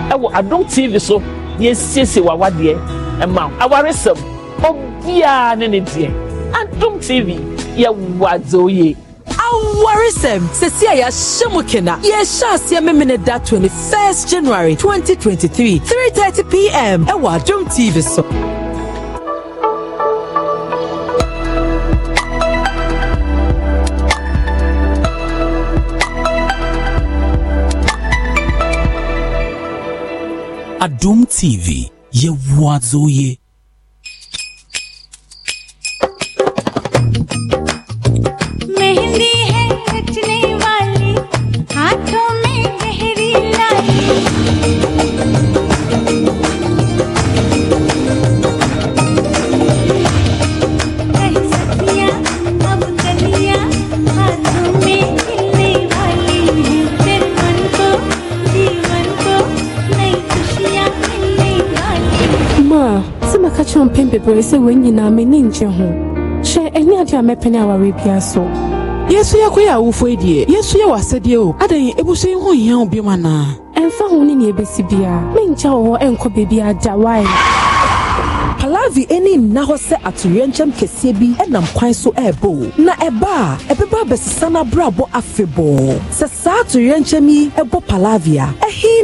ɛwɔ adom tv so yɛsiesie wɔ awadeɛ ɛma awaresɛm obiara ne ne deɛ adom tv yɛwɔ adze oyie awaresɛm sɛsi a yɛahyɛ mu kena yɛhyɛ aseɛ memene da 21 january 2023 330 pm ɛwɔ adom tv so Adum TV, ye wazo ye. bebree sɛ wɔn nyinaa me ne ngye ho hyɛ ɛnyɛ ade a mɛpɛ ne awareɛ biara so yesu yɛ kɔ yɛ awofo yi deɛ yesu yɛ wɔ asɛdeɛ o adan ebusu yi ho yɛn obi mu anaa. ɛnfa ho ne nea ebesi biara menkyɛ wɔ hɔ nkɔ beebi agya wae. palavi ani nna hɔ sɛ atoyerɛnkyɛm kɛseɛ bi nam kwan so ɛrebɔ na ɛba a ɛbɛba abɛsesa no abrabɔ afebɔɔ sɛ saa atoyerɛnkyɛm yi bɔ palavi a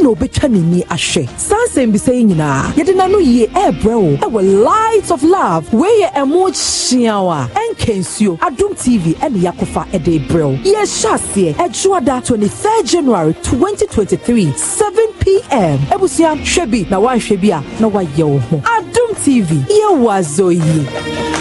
na obetwa ne ni ahwɛ saa nsɛm bi sɛ yi nyinaa yɛde n'ano yie ɛɛbrɛ wo ɛwɔ light of love wei yɛ ɛmo kyiawa ɛnka nsuo adum tv ɛne yakofa ɛde brɛ wo yɛhyɛ aseɛ ɛdwoada 23 january 2023 7 pm ebusua hwɛ bi na wanhwɛ bi a na wayɛ wo ho adum tv yɛwɔ azɔ yie.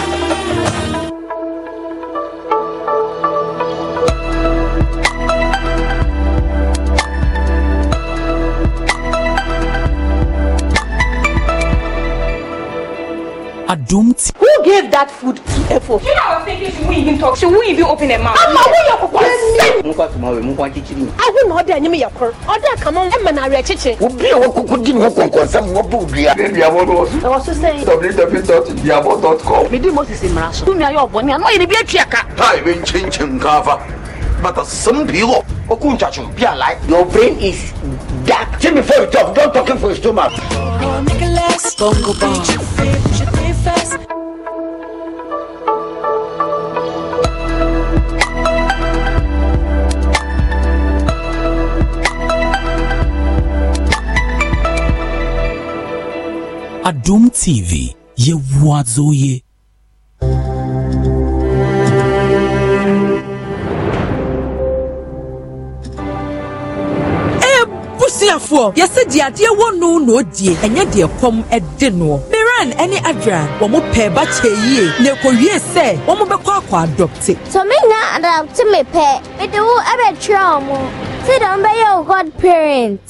doomed. Who gave that food to Efo? You know, I was thinking she won't even talk. She won't even open her mouth. I'm not going to go. Mo kwa tumawe, mo kwa chichiri. I will not dare nyimi yakor. Oda kama emma na re chichi. Obi a wakuku di mo konkon sam mo bu bia. Then dia wo no. I was just saying www.diabo.com. Me di mo sisi mra so. Tumi ayo oboni an o yiri bi atwa ka. Tai ben chinchin kafa. Bata simpi wo. Oku nchachu bia lai. Your brain is dark. See before you talk, don't talk for too much. Nicholas Bongo Adum TV Ye yevuadzoye. Eh, Busuafoɔ, yɛsɛ di adeɛ wɔ no na odie, ɛnyɛ deɛ kɔm ɛde noɔ. Miran ɛne Adra, wɔn mo pɛɛ ba kyɛ yie, na ekowie sɛ wɔn mo bɛkɔ akɔ adɔpte. Tɔmina adɔpte mi pɛ, mede wo ɛbɛtwerɛ wɔn, ti dɔm bɛyɛ o god parent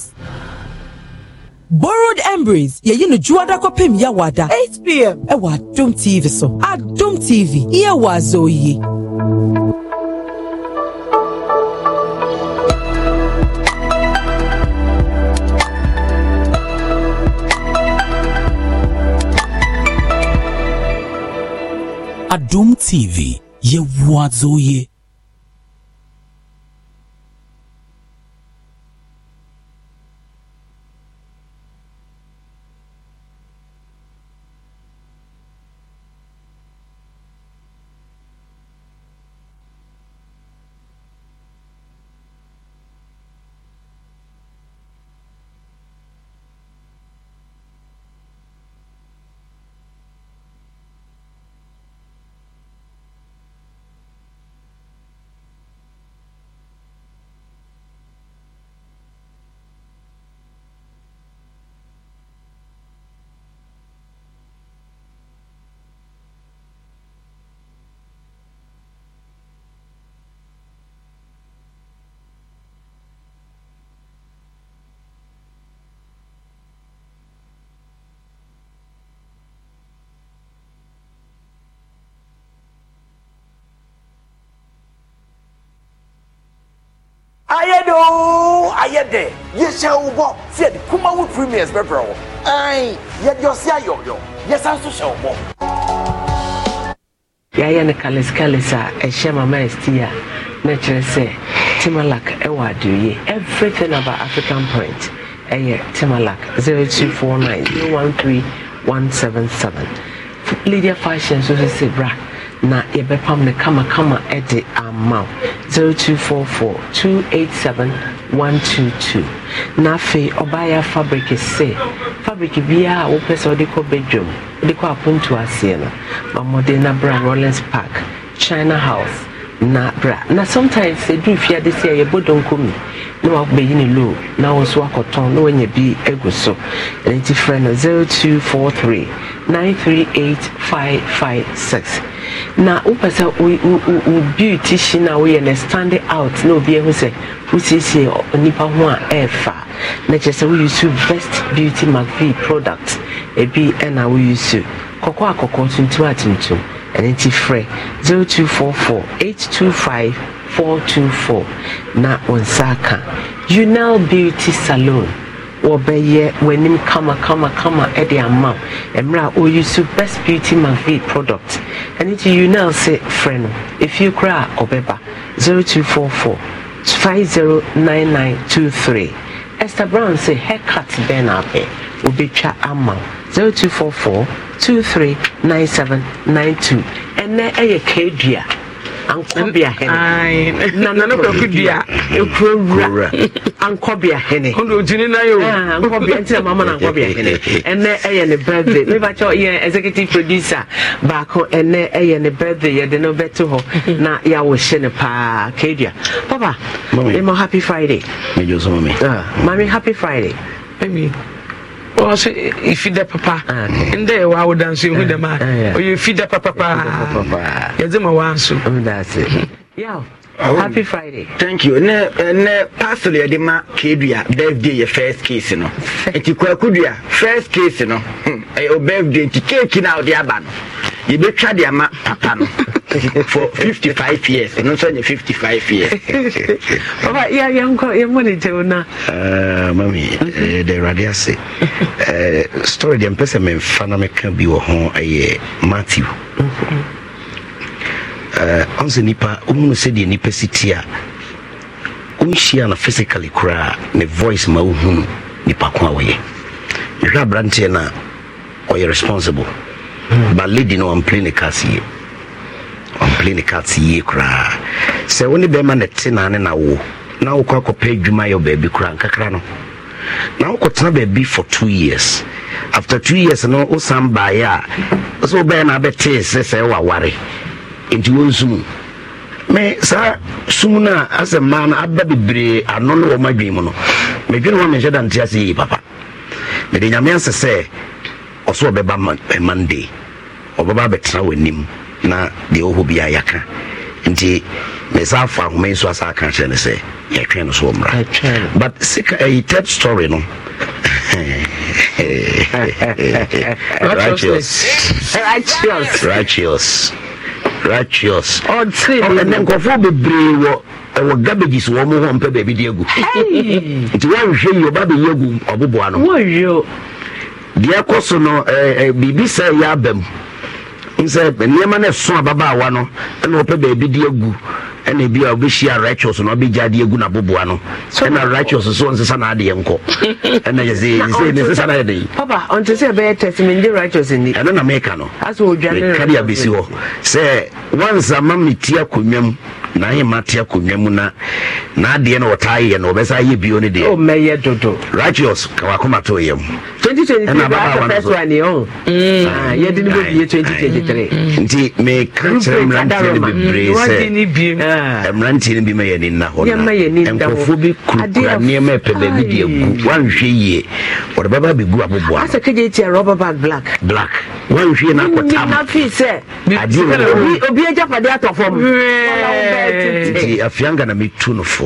borrowed embrace yɛyi no juada kɔpem yɛ wɔ ada 8pm ɛwɔ adum tv so Adum tv yɛ wɔ azɔ yie Adum TV, ye wadzo ye. ayɛ de o ayɛ de yɛhyɛ wo bɔ sɛ yɛde kumawo premiers bɛbrɛ wo ɛn yɛde ɔse ayɔyɔ yɛsan so hyɛ wo bɔ yɛayɛ no kaleskalis a ɛhyɛ mama sti a na kyerɛ sɛ timalak ɛwɔ adeoye everything about african print ɛyɛ timalak 0249 13177 lydia fashion so sɛ sɛ bra na yɛbɛpam no kamakama de ama wo 0244 287 122 na afei ɔbaayɛ fabric sɛ fabric biara a wopɛ sɛ wode kɔ bedwam wode kɔ apontu aseɛ no ma mmɔden na bra rollins park china house na bra na sometimes ɛduru fiade sɛ yɛbɔ dɔnko mi na wabɛyi ne low na wo nso akɔtɔn na wanya bi ego so ɛno nti frɛ no 0243 938556 na wopɛ sɛ wo beauty hyi no a woyɛ no stande out na obi ahu sɛ wosiesie nnipa ho a ɛɛfa na kyerɛ sɛ wouse best beauty macv product ebi ɛna use kɔkɔɔ akɔkɔɔ tuntum atuntum ɛne nti frɛ 0244825424 na wɔn nsa aka unal beauty salon wɔbɛyɛ w'anim kamakamakama de ama wo mmerɛ a ɔyi so best beauty magve product ɛno nti unal se frɛ no ɛfie kora a ɔbɛba 0244 509923 esther brown say haircut bɛn na abɛ wobɛtwa ama 0244 239792 ɛnɛ ɛyɛ kadua ankɔbea hene nanakodua ɛkura wura ankɔbea hene ah, ankɔbea ntina mama no ankɔbea hene ɛnɛ ɛyɛ ne birthday mebakyɛ yɛ executive producer baako ɛnɛ ɛyɛ ne birthday yɛde no bɛto hɔ na yɛawo hyɛ no paa kadua papa mema happy friday mame ah, happy friday Baby ɔsɛ ɛfida eh, eh, papa ndɛ ɛwɔ awoda nso ɛhu dɛm a ɔyɛ ɛfida papapaa yɛdze ma waa nso happy friday thank you ne eh, ne parcel yɛde ma kedua birthday yɛ first case no nti kwaku first case no ɛyɛ o birthday nti keeki na ɔde oh, aba no yɛbɛtwa de ama papa no for 55 five years ɛno nso nyɛ fifty five years. papa yà yẹn kọ yẹn mọ ne jẹun na. Eh, mami ɛɛ eh, eh, de awurade ase ɛɛ story deɛ mpɛ sɛ mɛ nfa na mɛ ka bi wɔ ho ɛyɛ matthew ɛɛ ɔnso nipa ɔmunu sɛ deɛ nipa si ti a ɔnhyia na physically koraa ne voice ma ɔhunu nipa ko a wɔyɛ ɛhwɛ aberanteɛ na ɔyɛ responsible. but lady no ɔmpere ne cat yie ɔmpere ne cat yie koraa sɛ wo ne bɛrima ne te naa ne na wo na wokɔ akɔpɛ adwuma yɛ baabi koraa nkakra no na wokɔtena baabi for two years after two years no wosan baeɛ a sɛ wobɛyɛ na abɛtee sɛ sɛ waware nti wɔnsu me saa sum no a asɛ mmaa no aba bebree ano ne wɔ ma adwen mu no medwene hɔ menhyɛ da nte ase yie papa mede nyame asɛ sɛ ɔsɛ ɔbɛba monday ɔbɛba abɛtena w'anim na deɛ ɔhɔ bi a yɛaka nti mesa afa ahoma yi so asa aka kyerɛ no sɛ yɛtwɛn no so ɔmmra but sika ɛyi third story no righteous righteous righteous righteous ɛnɛ nkurɔfoɔ bebree wɔ ɛwɔ garbages wɔ mo hɔ mpɛ baabi de agu nti woanhwɛ yi ɔba bɛyi agu ɔboboa no deɛ ɛkɔ so no ɛɛ biribi sɛ ɛyɛ aba mu nsɛ nneɛma no ɛso ababaawa no ɛna ɔpɛ baabi de agu ɛna ebi a ɔbɛhyia righteous na ɔbɛgya de agu n'aboboa no ɛna righteous so nsesa n'adeɛ nkɔ ɛna yɛsɛ yɛsɛ papa ɔnte sɛ ɛbɛyɛ righteous ni. ɛno na mɛka no aso odwa ne righteous mɛka de abɛsi hɔ sɛ wansa ma mi akonnwa mu na ayɛ ma akonnwa mu na n'adeɛ na ɔtaa yɛ no ɔbɛsa ayɛ bio ne deɛ. o mɛyɛ dodo. righteous kawakomato yɛ mu twenty mm. ah, twenty three baa the first one yɛ yɛde ne bɛbie twenty twenty three. nti meka kyerɛ mmeranteɛ no bebree sɛ mmeranteɛ no bi ma yɛni nna hɔ na nkurɔfoɔ bi kurukura nneɛma ɛpɛ baabi de agu woanhwɛ yie wɔde bɛba bɛgu aboboa asɛ kagye tia rɔba bag black black woanhwɛ no akɔtam adeɛ obi agyapadeɛ atɔ fam nti afianga na metu no fo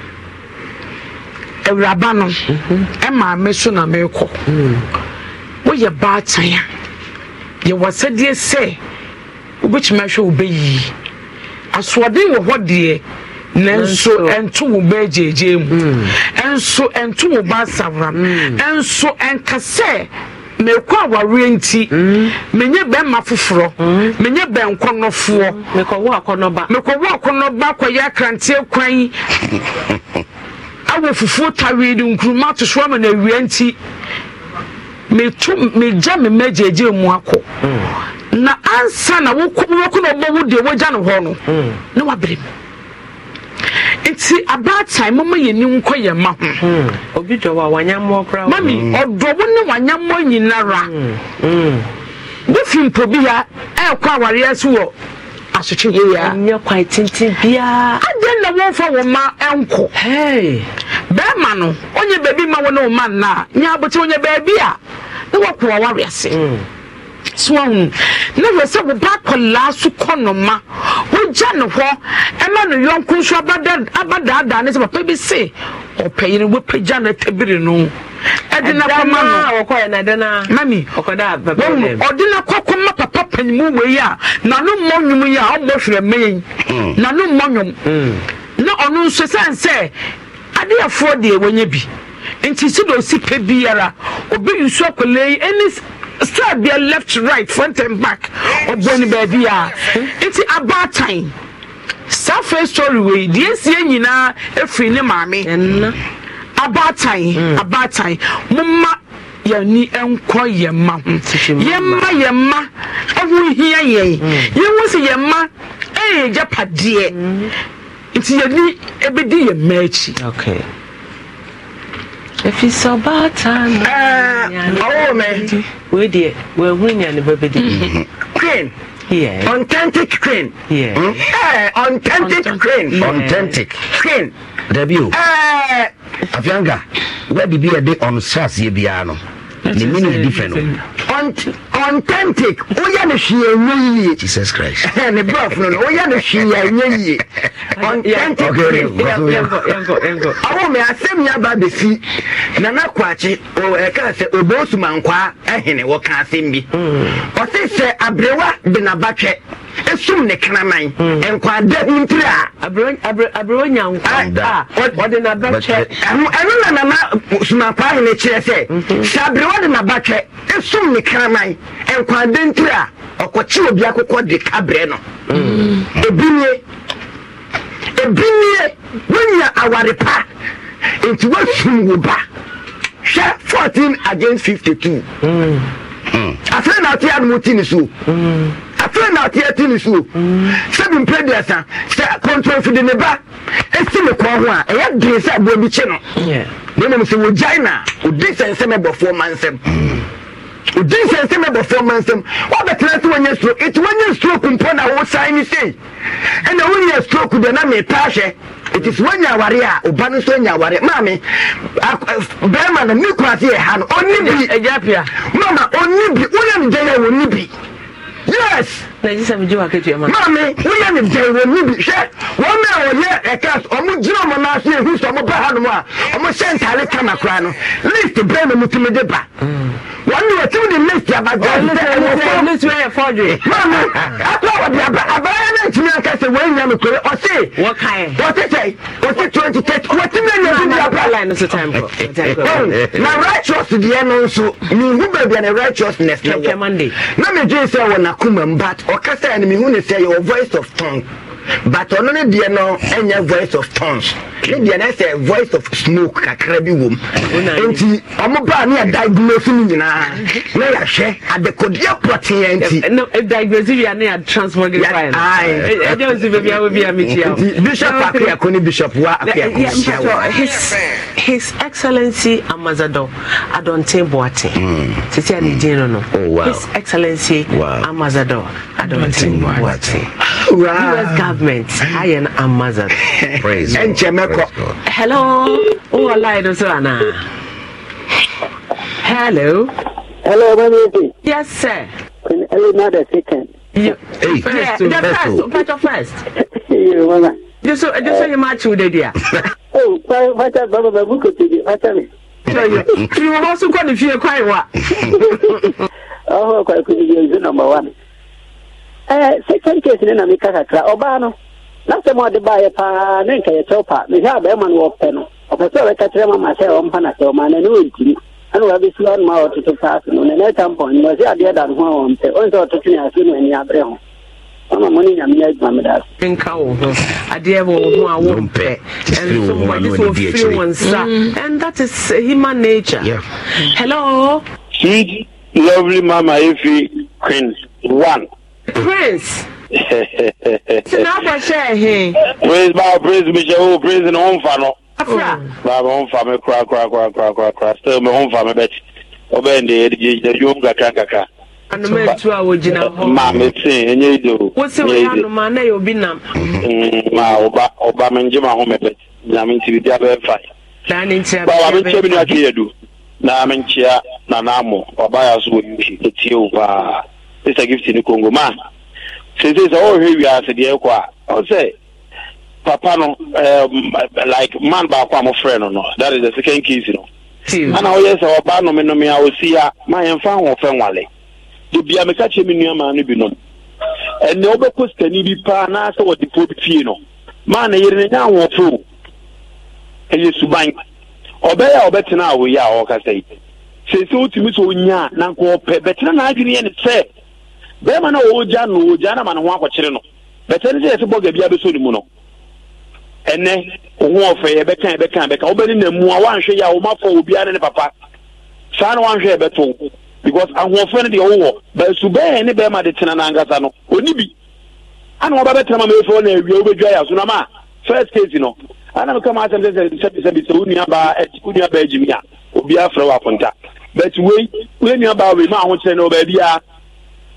awuraba no ɛmaa me so na merekɔ mm. woyɛ baatan a yɛwɔ sɛdeɛ sɛ wobɛtumi ahwɛ wo bɛyii asoɔden wɔ hɔ deɛ nanso ɛnto wo ba agyeegyee mu mm. ɛnso ɛnto wo ba asawram mm. ɛnso ɛnka sɛ mekɔ awareɛ nti menyɛ bɛrima foforɔ menyɛ bɛnkɔnɔfoɔ mekɔwo akɔnɔba kɔyɛ akranteɛ kwan awo fufuo tawee de nkuruma to so ama na awia nti metu megya me mma gyegye mu akɔ mm. na ansa na wokɔ wokɔ na ɔbɔ wo deɛ wogya no hɔ no mm. na wabere mu nti abaatan mama yɛ ni nkɔ yɛ ma ho. Mm. obi dɔ wa wanyamɔ kura. mami ɔdɔ wo ne wanyamɔ nyinara. bifin po bi ya ɛɛkɔ awareɛ so wɔ. asotwe area ɛnyɛ kwan tenten biara adeɛ na wɔmfa wɔn ma nkɔ bɛrima no onye baabi ma wɔn ne wɔn ma nna nyɛ abotire onye baabi a ne wɔkɔ wɔware ase. Mm. ketewa na hwɛ wo ba akɔlaa so kɔ noma wogya ne hɔ ɛma no yɔnko abadaadaa ne sɛ papa bi se ɔpɛyi no wopagya no atabiri no ɛde na kɔma no mami wɔhunu ɔde na kɔ kɔma papa panimu wei a nano mmɔ nwom yi a ɔmmɔ hwerɛmɛ yi hmm. nano mmɔ nwom hmm. na ɔno nso sɛn sɛ deɛ bi nti pɛ biara obi yi Start bia left right front and back ɔbɔ ne baabi a nti abaatan saa fake story wei deɛ esie nyinaa efiri ne maame abaatan mm. abaatan mo ma yɛni nkɔ yɛn ma ho mm, yɛn ma yɛn ma ɛho hia yɛn mm. yɛn ho si yɛn ma ɛyɛ gyapadeɛ nti yɛni ebedi yɛn mma akyi ɛfisɛ ɔbaataa no ɔwɔ mɛ wei deɛ wɔahunu nyane bɛbɛdi queen Yeah. Authentic queen. Yeah. Hmm? Eh, authentic queen. Authentic. Queen. Dabi o. Eh. Afianga, where bibi yɛ de ɔnhyɛ aseɛ biara no, ne mini yɛ different o contentic ó yẹ ne hwi ẹnyẹ yie jesus christ ne bluff no no ó yẹ ne hwi ẹnyẹ yie contentic awo mi asẹm yaba besi nana kwakye ẹka sẹ oboosuma nkwa ẹhene wọ kan asẹm hmm. bi ọsẹ sẹ abirewa de n'abatwẹ esum ne kraman nkwadaa bi mpiri a. abirewa nya nkwadaa ọde n'abatwẹ. ẹnu na nana sumakwa ahene kyerɛ sɛ sɛ abirewa de n'abatwɛ esum ne kraman. nkwadentiri a ọkọchị obi akokɔ de kabrɛ no ebinye ebinye ebi awari pa nti woasum wo ba 14 against 52 afei na ɔte anom ti ne o afei na ɔte ati ne suo sɛbi mpɛ deɛsa sɛ kɔntɔnfide ne ba esi ne kɔn a ịya dee sɛ aboa bi kye na mmom sɛ wogyae na odi sɛ nsɛm ɛbɔfoɔ ma jesus sɛ mɛbɔfoɔ ma nsɛm wobɛtena sɛ wanya stroke ɛti wanya stroke mpo na wosae ne sei ɛna wonya stroke deɛ na metaa hwɛ ɛti sɛ woanya aware a oba no nso anya aware maame eh, bɛrima no ne kurase yɛ ha no ɔnni bi mama ɔnni bi yes maame woyɛ ne dɛnwoni bi hwɛ wɔn a wɔyɛ ɛkas ɔmo gyina ɔmo n'ase ehu sɛ ɔmo ba hanom a ɔmo hyɛ ntaare kama koraa no list bɛn na mo ti mi de ba wɔn ne wɔtumi de list abagya sɛ ɛwɔ fɔ maame akɔ wɔde aba abaya ne ntumi akasa wɔn nya mi kore ɔse wɔte sɛ wɔte twenty thirty wɔte ne nya bi aba na righteous deɛ no nso mihu baabi a na righteousness na wɔ na mi gye sɛ wɔ n'akoma mu but ɔkasa ɛni mi hu ni sɛ yɛ wɔ voice of tongue but ɔno ne deɛ no ɛnyɛ voice of tongues ne deɛ no ɛsɛ voice of smoke kakra bi wom nti ɔmo baa ne yɛ diagnose no nyinaa na yɛhwɛ adekodeɛ pɔteɛ nti diagnose wia no ɛgya osi baabi a a mekyia nti bishop akoyako ne bishop wa akoyako hyia his his excellency amazado adɔnten boate tete hmm. a ne din no no oh, his excellency amazado adɔnten boate us government ayɛ no amazon ɛnkyɛ mɛkɔ hello wowɔ line no so anaa hello hello mami yes sir hello not the second you, hey, first, yeah, the first, first, first. you mama just so just so you match with the dear oh fata baba babu ko tibi fata me you you also kɔ ne fie kwae wa ɔhɔ kwae ko tibi number 1 second eh, case ne na meka kakra ɔbaa no n'asɛm ɔde baayɛ paa ne nka pa a bɛrima no wɔpɛ no ɔpɛ sɛ ɔbɛka kyerɛ sɛ ɔmpa ma n'ani ɛna noma a no mpɔn no adeɛ da ne ho a ɔn sɛ ɔtoto ne ase no ani da ase nka ho adeɛ wɔ ho a ɛnso nsa mm. prince. praise baa praise mi praise ni o nfa no. afra. still o a maame tin enye ide o. wosi wo ya na yɛ obi nam. maa ɔba ɔba mi ngye ma ho na mi bi bia bɛ nfa. naa ni nkyɛn bɛ bɛ nfa. baa mi na mo yi mr gift ne kongo ma sese sɛ ɔhwɛ wiase deɛ ɛkɔ a ɔsɛ papa no um, like man baako a mofrɛ no no that is the second case hmm. oh, no ana ɔyɛ sɛ ɔba nomenome a ɔsi a ma yɛmfa ahoɔfɛ nwale de bia meka kyerɛ me nuamaa no binom ɛnɛ wobɛkɔ sikani bi paa na sɛ wɔde po bi fie no maa ne yere no nyɛ ahoɔfɛ o ɛyɛ suban ɔbɛyɛ a ɔbɛtena a wɔyi a ɔɔkasa yi sɛ sɛ wotumi sɛ ɔnya a na nkɔɔpɛ bɛtena naadwene yɛ ne sɛ bɛrima na a ɔwɔ gya no ɔwɔ gya no ne ho akɔkyere no bɛtɛ ne sɛ yɛsɛ bɔga bi abɛsɔ ne mu no ɛnɛ wo ho ɔfɛ yɛbɛka yɛbɛka yɛbɛka wobɛni na mu a woanhwɛ yɛ a womafɔ obiara ne ne papa saa na woanhwɛ yɛbɛto because ahoɔfɛ no deɛ wowɔ bɛɛ ne bɛrima de tena no ankasa no ɔni bi ana wɔba bɛtena ma mɛfɛ na awia wobɛdwa yɛ a first case no ana meka ma asɛm sɛ sɛ wo nuabaa obiara frɛ wɔ akonta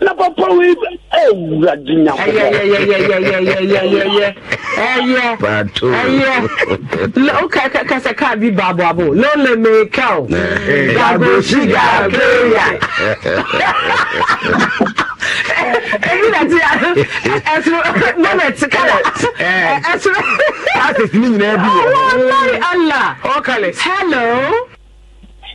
na papa wei awurade nyankopɔnkasa ka bi baboabo lole mekal gabosiga keya ebi na ti ɛsoro moment kada ɛsoro. artist ni nyinaa bi wɔ. walayi ala. ɔkale. hello.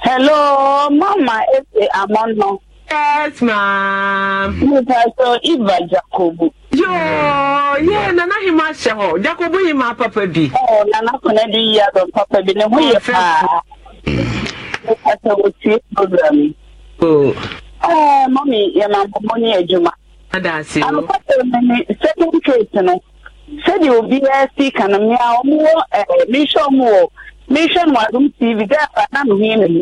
hello mama ese amɔnɔ. Yes, ma'am. Pastor Eva Jacobu. Yo, yeah, Nana Hima Sheho. Jacobu Hima Papa B. Oh, Nana Konadi Yado Papa B. Nehu Yepa. Pastor Wotie Program. Oh. Eh, Mommy, Yama Momoni Ejuma. Adasi. Ano Pastor Mene, second case, no. Sẹ́ni òbí ẹ sí kànáà mi à ọmọ ẹ̀ mi sọ́mu ọ̀ mi sọ́mu àdúm tv gẹ́gẹ́ bá náà mi yẹn mi.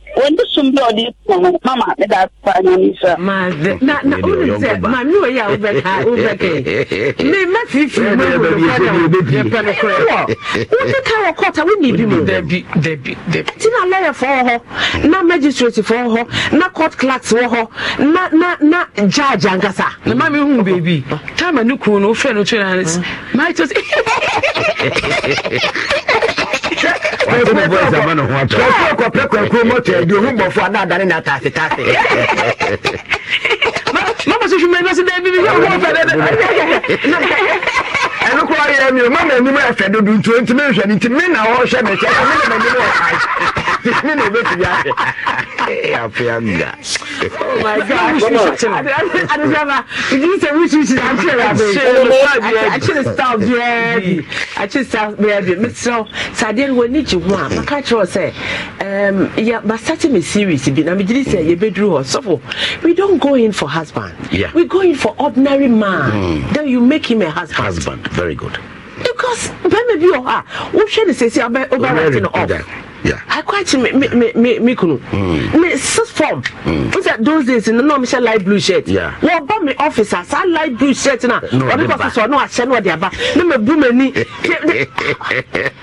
wọ́n sùn bí ọdí kùn mama ẹ dà pa ẹ ní sọ. Maazị na na o ní sẹ maami wo yà ọbẹ ká ọbẹ kẹ mi má fi fi mi wò ló fẹ́ dà yẹ pẹ́ ní kúrẹ́ wọ wọ́n ti ká wọ kọ́ta wọ́n ní ibi mu. dẹbi dẹbi dẹbi. ti na lẹ́yẹ̀ fọ́ wọ́ họ na magistrate fọ́ họ na court clerk wọ́ họ na na na judge ankasa. na maami hu beebi táàmù ẹni kùn ní o fẹ́ ní o tún yà ní. maa yi tó sẹ kyɛ kɔpɛ kwankuro mɔtɔ adi ohu bɔfo adaadane na taasetase mi o mama ɛfɛ dodo nti mehwɛ no nti me na wɔhyɛ me kyɛ me m'anim wɔ ne na ebetumi ahwɛ afia nga adesaba ìdí sẹ wusu si akyere abẹ akyere style biara bi akyere style biara bi mesrɛ sadeɛ no w'ani gye ho a maka kyerɛ sɛ yɛ masate me series bi na megyere sɛ we don't go in for husband yeah. we go in for ordinary man mm. then you make him a husband husband very good because bẹẹmi bi wọ ha wọn hwẹ say sẹsi ọbẹ ọbẹ rẹ ti na off akɔakye me kunu hmm. me six form hmm. those days no na ɔmehyɛ light blue shirt wɔba me office a saa light blue shirt no a ɔde kɔfa sɛ ɔne wahyɛ ne ɔde aba na mabu m'ani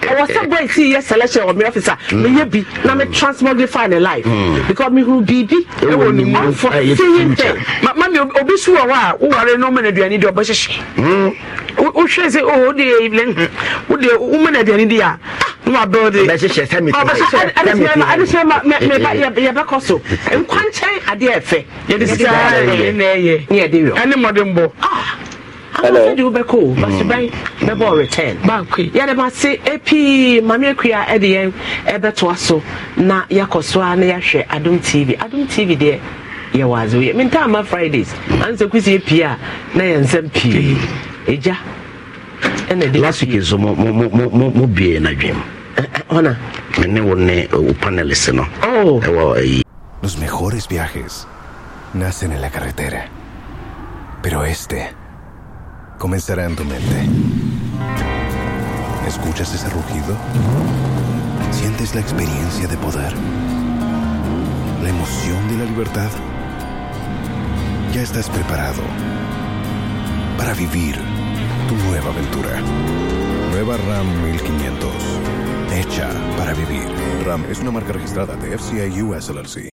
ɔwɔ sɛ boy si yɛ selection wɔ me office a meyɛ hmm. bi na me transmogrify ne life because mehuru biribi ɛwɔ ne mu ɔmfo sɛ yɛ ntɛ mami obi so wɔ hɔ a woware no ma no aduane deɛ ɔbɛhyehye wohwɛ sɛ oho wode woma no aduane di a na so nkwankyɛn adeɛ ɛfɛ yɛde sisaayɛ ɛne mmɔdenbɔ sɛde wobɛkɔ basebɛn bɛbɔɔ return yɛde mase ɛpii mame akua ɛde yɛn ɛbɛtoa so na yɛkɔ so a na yɛahwɛ adom tv adom tv deɛ yɛwɔ fridays ansɛ kusie pii a na yɛnsɛm pii Ella? Oh. E eh, Los mejores viajes nacen en la carretera, pero este comenzará en tu mente. ¿Escuchas ese rugido? ¿Sientes la experiencia de poder? ¿La emoción de la libertad? Ya estás preparado para vivir tu nueva aventura. Nueva RAM 1500. Hecha para vivir. RAM es una marca registrada de FCI US LLC.